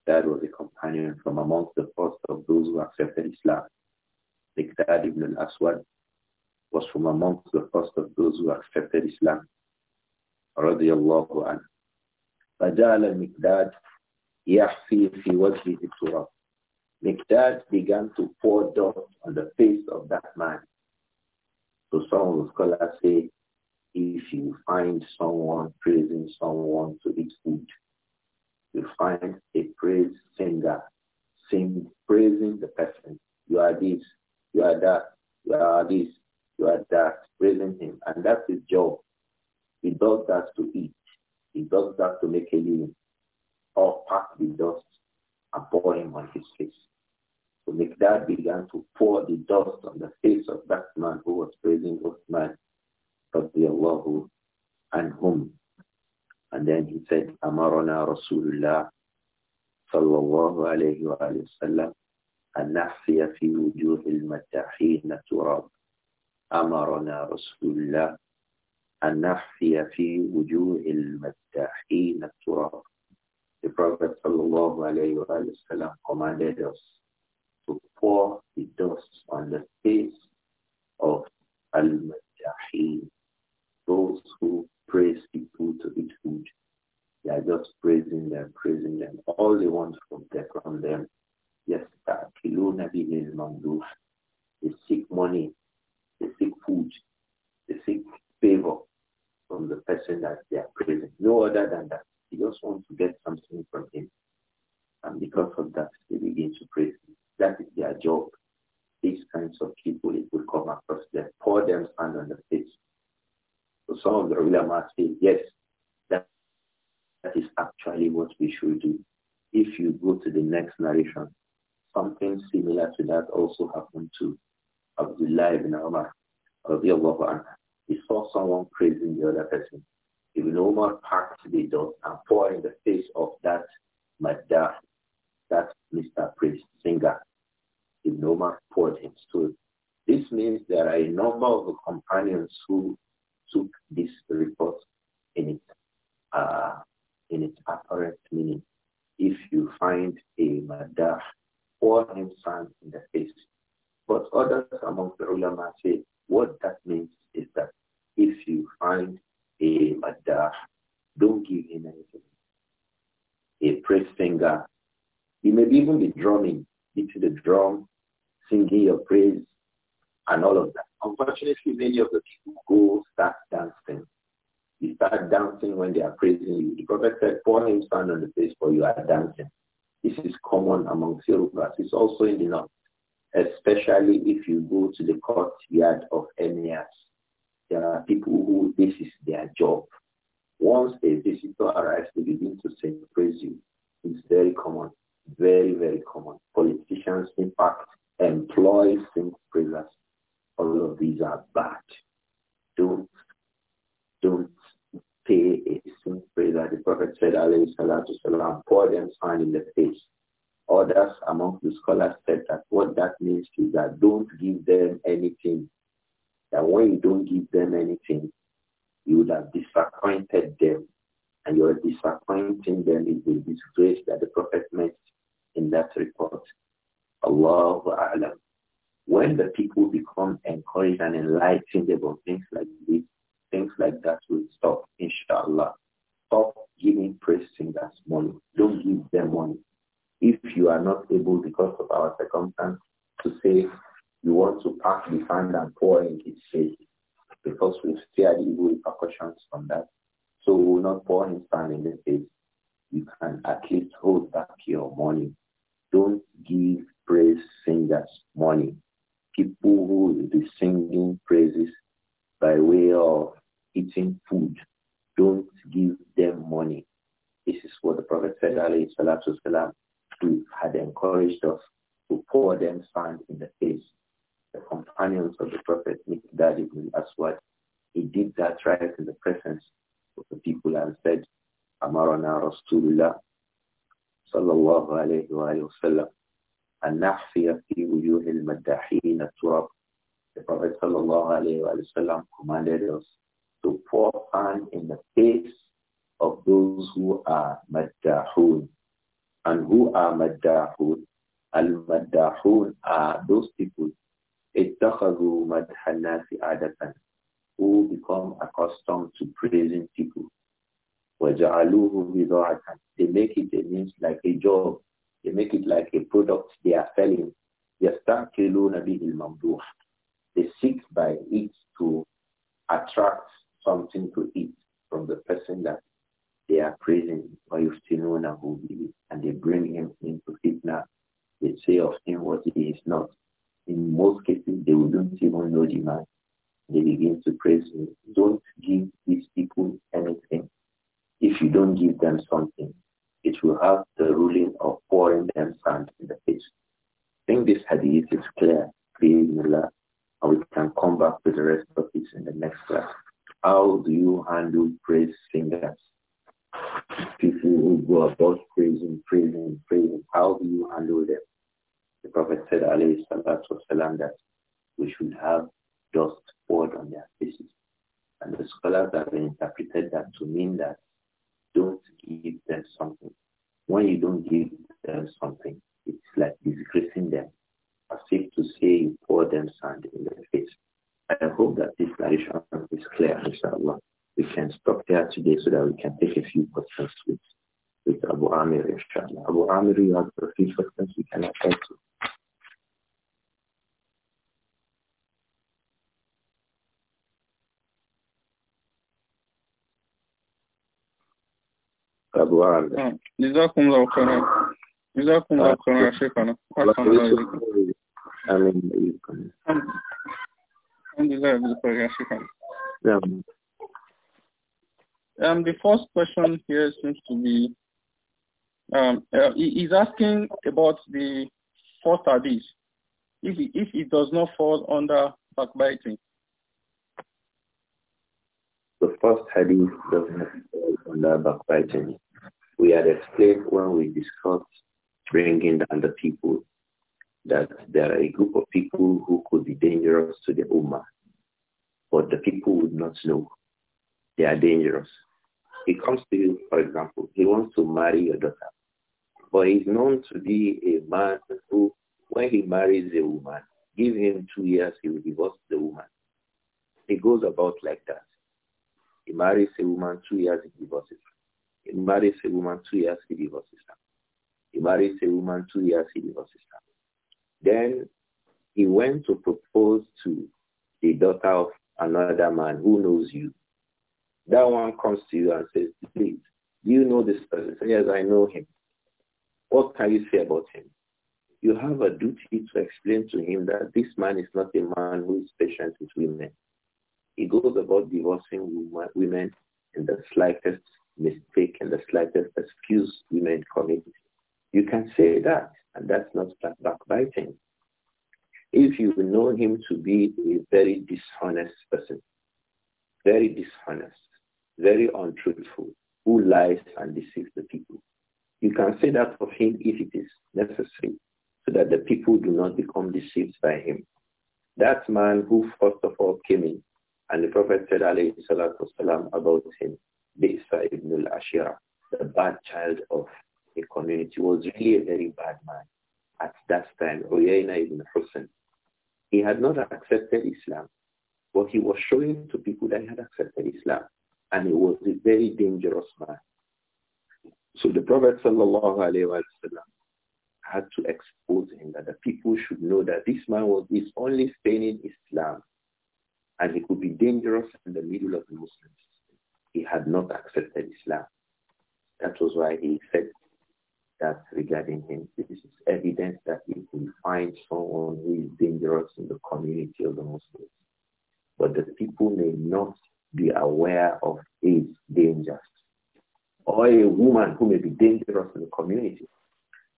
Miqdad was a companion from amongst the first of those who accepted Islam. Miqdad ibn al-Aswad was from amongst the first of those who accepted Islam. رضي الله عنه. فجعل المقداد يحفي في وجهه التراب. Miqdad began to pour dust on the face of that man. So some of the scholars say, if you find someone praising someone to eat food, you find a praise singer sing praising the person. You are this, you are that, you are this, you are that, praising him. And that's his job. He does that to eat. He does that to make a living. Or pack the dust and pour him on his face. So Mikdad began to pour the dust on the face of that man who was praising Uthman, Allah, and whom and then he said, Amarona Rasulullah sallallahu alayhi wa sallam أن نحفي في وجوه المتاحين تراب أمرنا رسول الله أن نحفي في وجوه المتاحين The Prophet sallallahu alayhi wa sallam commanded us to pour the dust on the face of al-matahin, those who praise people to eat food. They are just praising them, praising them. All they want from them, from them yes, they seek money, they seek food, they seek favor from the person that they are praising. No other than that. They just want to get something from him. And because of that, they begin to praise him. That is their job. These kinds of people, it will come across them, pour them sand on the face some of the ulama say, yes, that, that is actually what we should do. If you go to the next narration, something similar to that also happened to Abdullah ibn Umar. He saw someone praising the other person. Ibn Umar packed the dust and poured in the face of that madaf that Mr. Priest singer. Ibn Umar poured him So This means there are a number of companions who took this report in its, uh, in its apparent meaning. If you find a madah, pour him sand in the face. But others among the ulama say what that means is that if you find a madah, don't give him anything. A praise finger, he may even be drumming, beating the drum, singing your praise, and all of that. Unfortunately, many of the people go start dancing. You start dancing when they are praising you. The prophet said, pour him sand on the face for you are dancing. This is common among Yorubas. It's also in the north, especially if you go to the courtyard of emirs. There are people who this is their job. Once a visitor arrives, they begin to sing praise you. It's very common, very, very common. Politicians, in fact, employ sing praisers all of these are bad. Don't, don't pay a sin that the Prophet said, alayhi salatu salam, pour them sand in the face. Others among the scholars said that what that means is that don't give them anything. That when you don't give them anything, you would have disappointed them. And you're disappointing them is the disgrace that the Prophet made in that report. Allahu A'lam. When the people become encouraged and enlightened about things like this, things like that will stop, inshallah. Stop giving praise singers money. Don't give them money. If you are not able, because of our circumstance, to say you want to pack the hand and pour in his face, because we fear the evil repercussions from that. So we will not pour his hand in the face. You can at least hold back your money. Don't give praise singers money people who will be singing praises by way of eating food, don't give them money. This is what the Prophet said, alayhi salatu salam, We had encouraged us to pour them sand in the face. The companions of the Prophet, Mikdad ibn Aswad, he did that right in the presence of the people and said, Amarana Rasulullah sallallahu alayhi wa sallam, أن نحفي في وجوه المداحين التراب The Prophet وسلم, commanded us to pour sand in the face of those who are maddahun. And who are maddahun? Al-maddahun are those people اتخذوا مدح الناس عادة who become accustomed to praising people. وجعلوه بضاعة They make it a means like a job they make it like a product they are selling. يَسْتَعْكِلُونَ بِهِ الْمَمْدُوحِ They seek by it to attract something to eat from the person that they are praising. وَيُفْتِنُونَهُ بِهِ And they bring him into fitna. They say of him what he is not. In most cases, they wouldn't even know the man. They begin to praise him. Don't give these people anything if you don't give them something it will have the ruling of pouring them sand in the face. I think this hadith is clear, and we can come back to the rest of it in the next class. How do you handle praise singers? People who go about praising, praising, praising. How do you handle them? The Prophet said, alayhi that we should have dust poured on their faces. And the scholars have interpreted that to mean that don't give them something. When you don't give them something, it's like disgracing them, as if to say you pour them sand in their face. I hope that this narration is clear, inshallah. We can stop there today so that we can take a few questions with, with Abu Amir, inshallah. Abu Amir, you have a few questions we can answer to. أبو hm. ah, Um, the first question here seems to be, um, uh, he's asking about the first hadith. If it, if it does not fall under backbiting, the first hadith does not on the backbiting. We had explained when we discussed bringing down the people that there are a group of people who could be dangerous to the Ummah, but the people would not know they are dangerous. He comes to you, for example, he wants to marry your daughter, but he's known to be a man who, when he marries a woman, give him two years, he will divorce the woman. It goes about like that. He marries a woman, two years he divorces her. He marries a woman, two years he divorces her. He marries a woman, two years he divorces her. Then he went to propose to the daughter of another man who knows you. That one comes to you and says, please, do you know this person? Yes, I know him. What can you say about him? You have a duty to explain to him that this man is not a man who is patient with women. He goes about divorcing women in the slightest mistake and the slightest excuse women commit. You can say that, and that's not backbiting. If you know him to be a very dishonest person, very dishonest, very untruthful, who lies and deceives the people, you can say that of him if it is necessary, so that the people do not become deceived by him. That man who first of all came in and the Prophet said, alayhi about him, Bisa ibn al-Ashira, the bad child of a community, was really a very bad man. At that time, Uyayna ibn Hussein, he had not accepted Islam, but he was showing to people that he had accepted Islam. And he was a very dangerous man. So the Prophet sallallahu had to expose him that the people should know that this man was his only staying in Islam and he could be dangerous in the middle of the Muslims. He had not accepted Islam. That was why he said that regarding him, this is evidence that if we find someone who is dangerous in the community of the Muslims, but the people may not be aware of his dangers. Or a woman who may be dangerous in the community.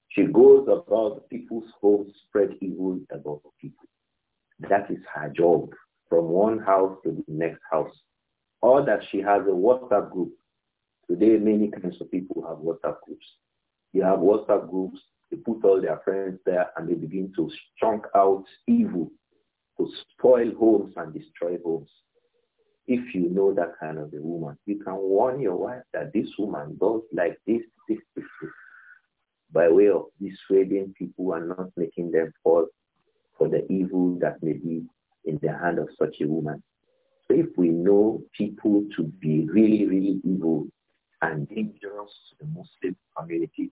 She goes about people's homes, spread evil about people. That is her job house to the next house. Or that she has a WhatsApp group. Today, many kinds of people have WhatsApp groups. You have WhatsApp groups, they put all their friends there and they begin to chunk out evil, to spoil homes and destroy homes. If you know that kind of a woman, you can warn your wife that this woman does like this, this, this, this by way of dissuading people and not making them fall for the evil that may be in the hand of such a woman. So if we know people to be really, really evil and dangerous to the Muslim community,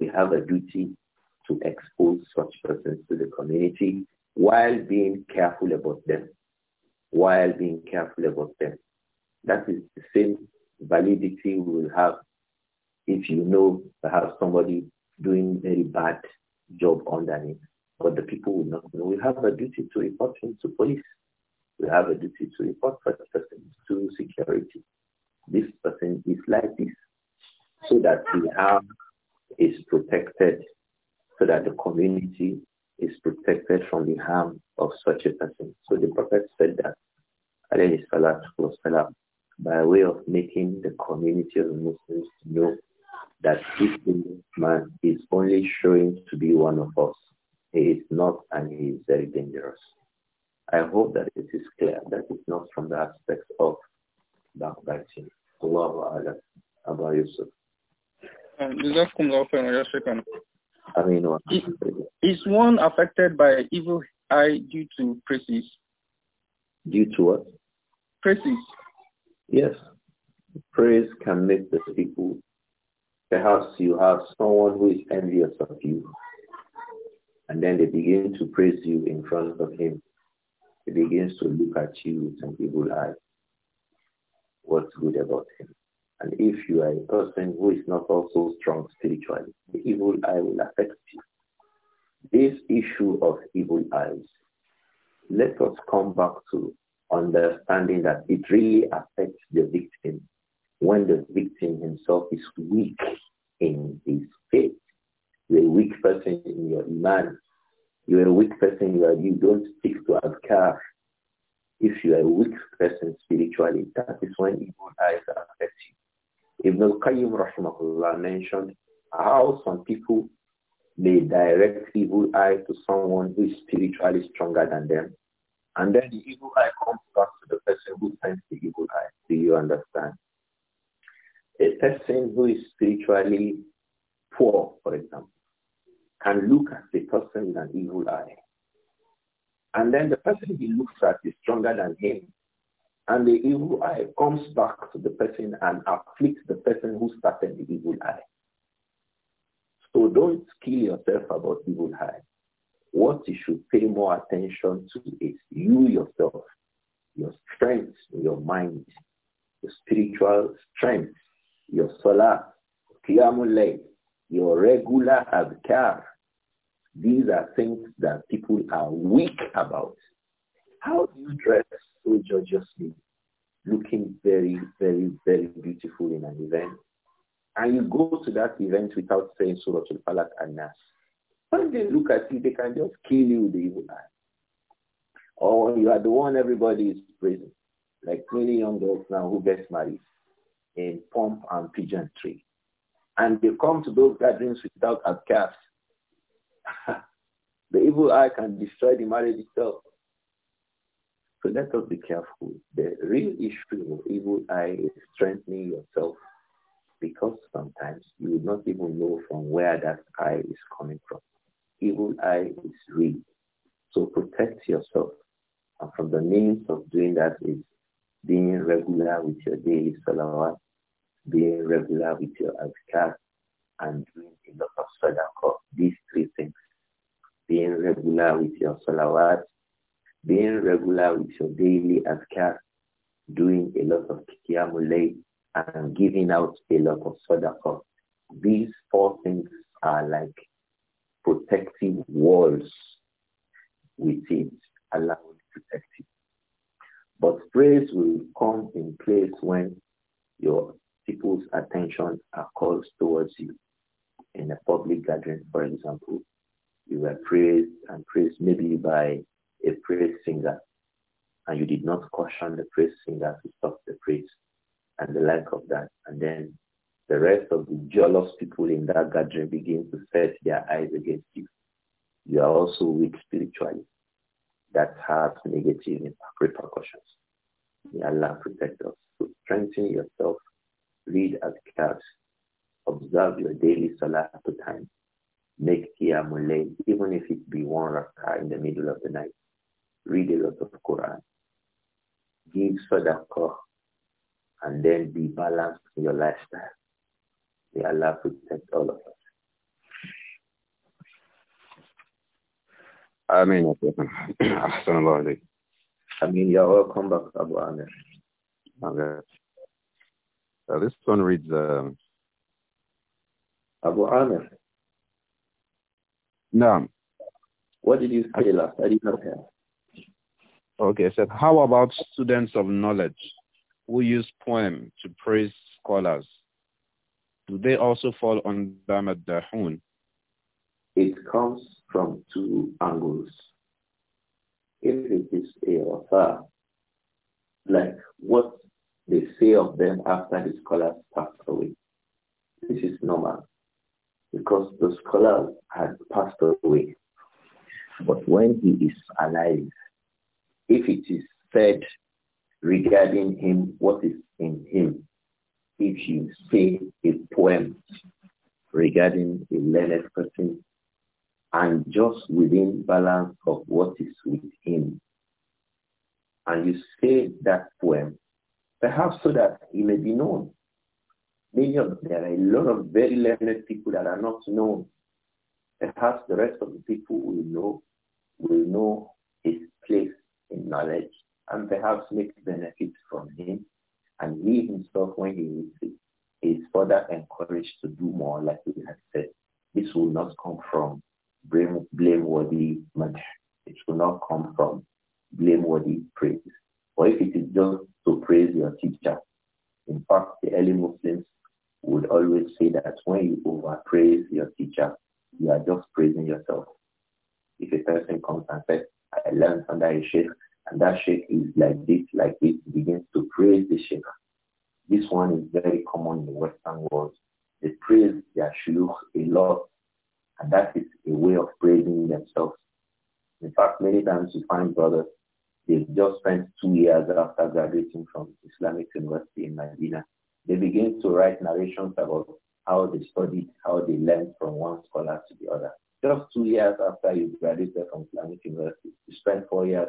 we have a duty to expose such persons to the community while being careful about them. While being careful about them. That is the same validity we will have if you know perhaps somebody doing very bad job underneath. But the people will not We have a duty to report him to police. We have a duty to report such person to security. This person is like this. So that the harm is protected, so that the community is protected from the harm of such a person. So the Prophet said that, alayhi salatu wasalam, by way of making the community of Muslims know that this man is only showing to be one of us. He is not and he is very dangerous. I hope that it is clear that it's not from the aspect of backbiting. Allahu Alam. Abba Yusuf. Um, is, is one affected by evil eye due to praises? Due to what? Praises. Yes. Praise can make the people. Perhaps you have someone who is envious of you and then they begin to praise you in front of him. He begins to look at you with an evil eye. What's good about him? And if you are a person who is not also strong spiritually, the evil eye will affect you. This issue of evil eyes, let us come back to understanding that it really affects the victim when the victim himself is weak in his faith. You're a weak person in your iman. You're a weak person where you don't stick to adhkar. If you are a weak person spiritually, that is when evil eyes affect you. Ibn al-Qayyim rahimahullah mentioned how some people may direct evil eye to someone who is spiritually stronger than them. And then the evil eye comes back to the person who sends the evil eye. Do you understand? A person who is spiritually poor, for example, can look at the person with an evil eye. And then the person he looks at is stronger than him. And the evil eye comes back to the person and afflicts the person who started the evil eye. So don't kill yourself about evil eye. What you should pay more attention to is you yourself, your strength, your mind, your spiritual strength, your salah, your regular adhkar, these are things that people are weak about. How do you dress so gorgeously, looking very, very, very beautiful in an event? And you go to that event without saying Surah Al-Falaq and Nas. When they look at you, they can just kill you with the evil eye. Or you are the one everybody is praising, like many young girls now who get married in pomp and pageantry. And they come to those gatherings without abkars the evil eye can destroy the marriage itself. So let us be careful. The real issue of evil eye is strengthening yourself because sometimes you will not even know from where that eye is coming from. Evil eye is real. So protect yourself. And from the means of doing that is being regular with your daily salawat, being regular with your adhkar, and doing a lot of sadaqah. These three things. Being regular with your salawat, being regular with your daily adhkar, doing a lot of qiyamul and giving out a lot of sadaqah. These four things are like protective walls within, allowing Allah will protect you. But praise will come in place when your people's attention are called towards you in a public gathering, for example, you were praised and praised maybe by a praise singer, and you did not caution the praise singer to stop the praise and the like of that. And then the rest of the jealous people in that gathering begin to set their eyes against you. You are also weak spiritually. That has negative repercussions. May Allah protect us. So strengthen yourself. Read at cards observe your daily salah time. Make qiyamul layl, even if it be one rak'ah in the middle of the night. Read a lot of Quran. Give sadaqah. And then be balanced in your lifestyle. May Allah protect all of us. Ameen. Ahsanallah Ameen. You're welcome back, Abu Amir. Okay. Uh, this one reads, um, Abu No. What did you say last? I did not hear. Okay, so how about students of knowledge who use poem to praise scholars? Do they also fall under Madahun? It comes from two angles. If it is a author, like what they say of them after the scholars passed away, this is normal because the scholar had passed away. But when he is alive, if it is said regarding him, what is in him, if you say a poem regarding a learned person and just within balance of what is with him, and you say that poem, perhaps so that he may be known Many of there are a lot of very learned people that are not known. Perhaps the rest of the people will know will know his place in knowledge and perhaps make benefit from him. And he himself, when he reads it, is further encouraged to do more, like we have said. This will not come from blame, blameworthy matter. It will not come from blameworthy praise. Or if it is just to praise your teacher. In fact, the early Muslims, would always say that when you overpraise your teacher, you are just praising yourself. If a person comes and says, I learned under a sheikh, and that sheikh is like this, like this, begins to praise the sheikh. This one is very common in the Western world. They praise their shuyukh a lot, and that is a way of praising themselves. In fact, many times you find brothers, they've just spent two years after graduating from Islamic University in Medina, they begin to write narrations about how they studied, how they learned from one scholar to the other. Just two years after you graduated from Islamic University, you spent four years,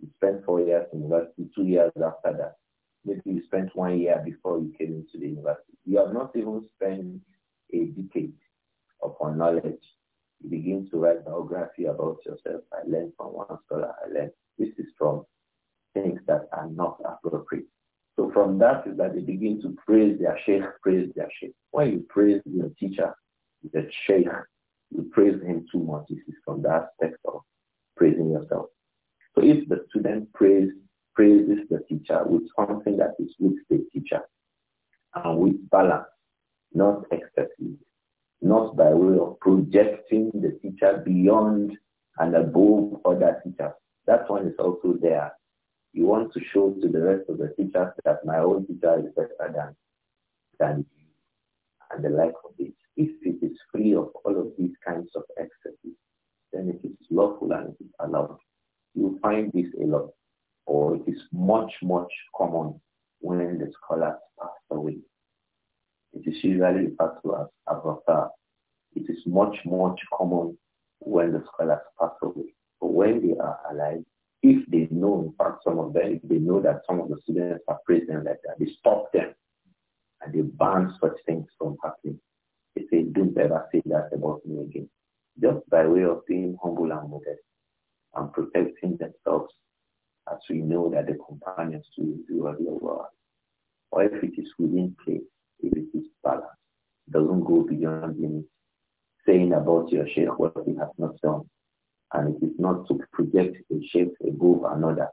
you spent four years in university, two years after that. Maybe you spent one year before you came into the university. You have not even spent a decade upon knowledge. You begin to write biography about yourself. I learned from one scholar. I learned this is from things that are not appropriate. So from that is that they begin to praise their sheikh, praise their sheikh. When you praise your teacher, the sheikh, you praise him too much. This is from that aspect of praising yourself. So if the student praise, praises the teacher with something that is with the teacher and with balance, not excessive, not by way of projecting the teacher beyond and above other teachers. That one is also there you want to show to the rest of the teachers that my own teacher is better than, than you and the like of it. If it is free of all of these kinds of excesses, then it is lawful and it is allowed. You find this a lot, or it is much, much common when the scholars pass away. It is usually referred to as avatar. It is much, much common when the scholars pass away. But when they are alive, they know that some of the students are present like that, they stop them and they ban such things from happening. They say, don't ever say that about me again. Just by way of being humble and modest and protecting themselves as we know that the companions do do earlier well. Or if it is within place, if it is balanced, doesn't go beyond limits. Saying about your sheikh what he has not done, and it is not to project a sheikh above another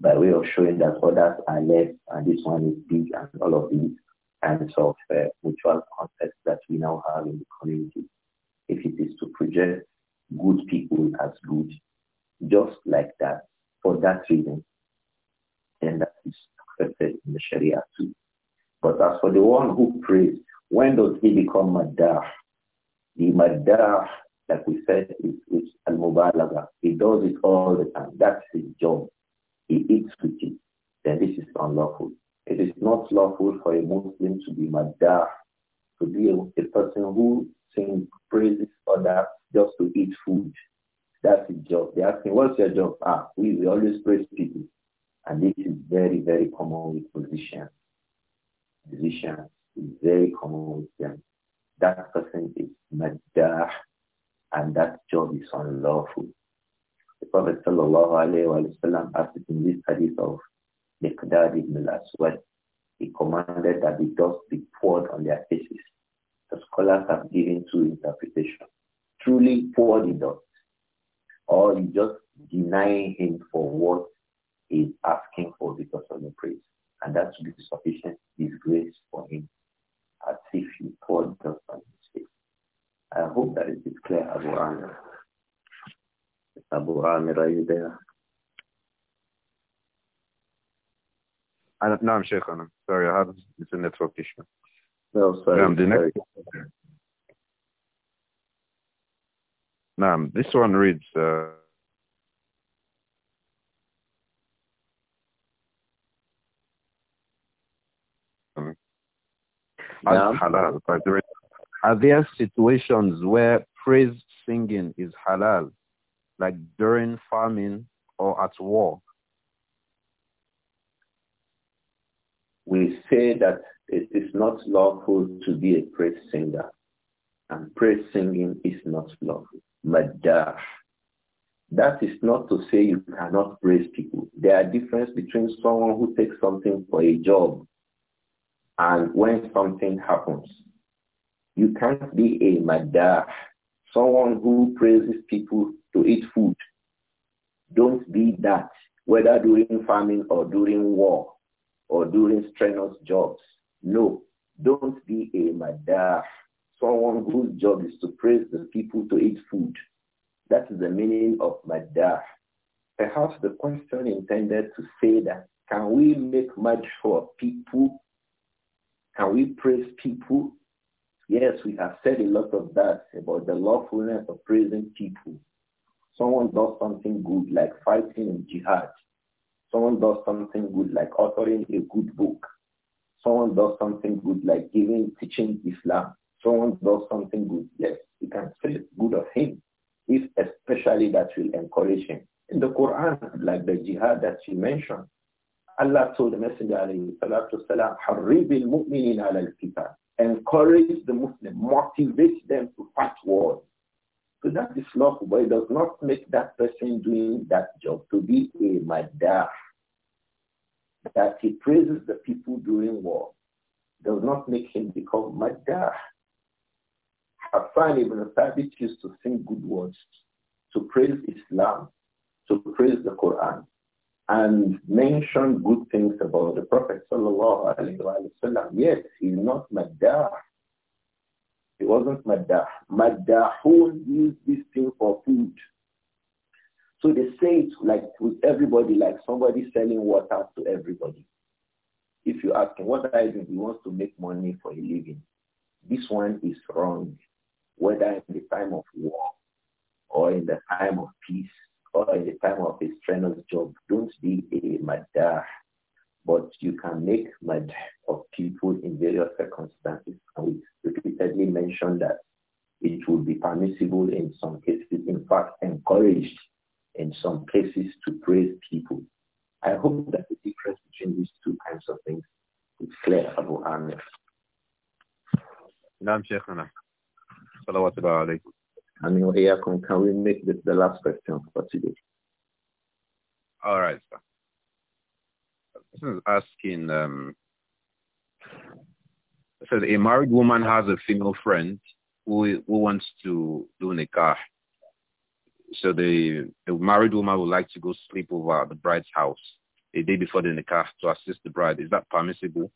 by way of showing that others are less and this one is big and all of these kinds of uh, mutual concepts that we now have in the community. If it is to project good people as good, just like that, for that reason, then that is accepted in the Sharia too. But as for the one who prays, when does he become madar? The madar, like we said, is, is al mubalaga He does it all the time. That's his job he eats with then this is unlawful. It is not lawful for a Muslim to be madar, to be a, a person who sings praises for that just to eat food. That's his job. They ask him, what's your job? Ah, we, we always praise people. And this is very, very common with musicians. Musicians is very common with them. That person is madar and that job is unlawful. The Prophet وسلم, as in this hadith of Miqdad ibn al-Aswad, he commanded that the dust be poured on their faces. The scholars have given two interpretations. Truly pour the dust, or you just deny him for what he asking for because of the praise. And that should be sufficient disgrace for him, as if you poured dust on his face. I hope that it is clear, Abu Anwar. Abu Amir, are you there? Uh, no, I'm Sheikh Anam. Sorry, I have it's a network issue. No, sorry. the next. this one reads. Uh, halal. Are there situations where praise singing is halal like during famine or at war? We say that it is not lawful to be a praise singer, and praise singing is not lawful. Madar. That is not to say you cannot praise people. There are difference between someone who takes something for a job and when something happens. You can't be a madar, someone who praises people to eat food. Don't be that, whether during famine or during war or during strenuous jobs. No, don't be a madaf, someone whose job is to praise the people to eat food. That is the meaning of madaf. Perhaps the question intended to say that can we make much for people? Can we praise people? Yes, we have said a lot of that about the lawfulness of praising people. Someone does something good like fighting in jihad. Someone does something good like authoring a good book. Someone does something good like giving, teaching Islam. Someone does something good, yes, you can say good of him, if especially that will encourage him. In the Quran, like the jihad that you mentioned, Allah told the Messenger alayhi salatu salam, Harribil mu'minin ala al Encourage the Muslim, motivate them to fight wars. So that is lawful, but it does not make that person doing that job to be a madar. That he praises the people doing war does not make him become madar. Hassan ibn Thabit used to sing good words, to praise Islam, to praise the Quran, and mention good things about the Prophet sallallahu alaihi wasallam. Yes, is not madar it wasn't maddah. Maddahun used this thing for food. So they say it like with everybody, like somebody selling water to everybody. If you ask him, what I doing, he wants to make money for a living. This one is wrong, whether in the time of war or in the time of peace or in the time of a strenuous job. Don't be a maddah. But you can make mad of people in various circumstances. And we repeatedly mentioned that it would be permissible in some cases, in fact encouraged in some places to praise people. I hope that the difference between these two kinds of things is clear, Abu Amir. can we make this the last question for today all right sir this is asking, um, it says a married woman has a female friend who, who wants to do nikah. So the, the married woman would like to go sleep over at the bride's house a day before the nikah to assist the bride. Is that permissible?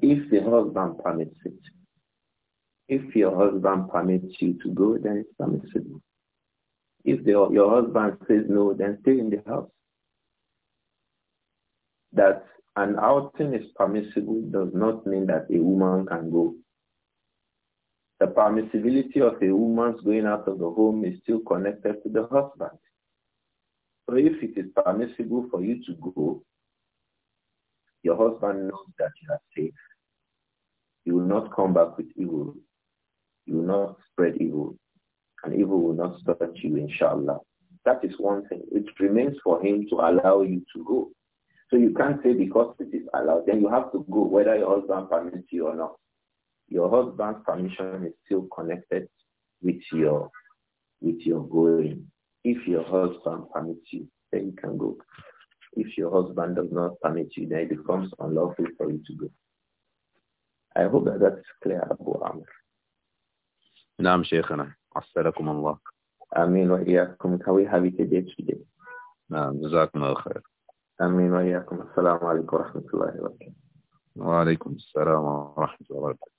If the husband permits it. If your husband permits you to go, then it's permissible. If the, your husband says no, then stay in the house that an outing is permissible does not mean that a woman can go. The permissibility of a woman's going out of the home is still connected to the husband. So if it is permissible for you to go, your husband knows that you are safe. You will not come back with evil. You will not spread evil. And evil will not touch you, inshallah. That is one thing. It remains for him to allow you to go. So you can't say because it is allowed, then you have to go whether your husband permits you or not. Your husband's permission is still connected with your with your going. If your husband permits you, then you can go. If your husband does not permit you, then it becomes unlawful for you to go. I hope that that's clear, Abu Amr. نعم شيخنا عسلكم الله. آمين wa Can we have it a day today? آمين وإياكم السلام عليكم ورحمة الله وبركاته وعليكم السلام ورحمة الله وبركاته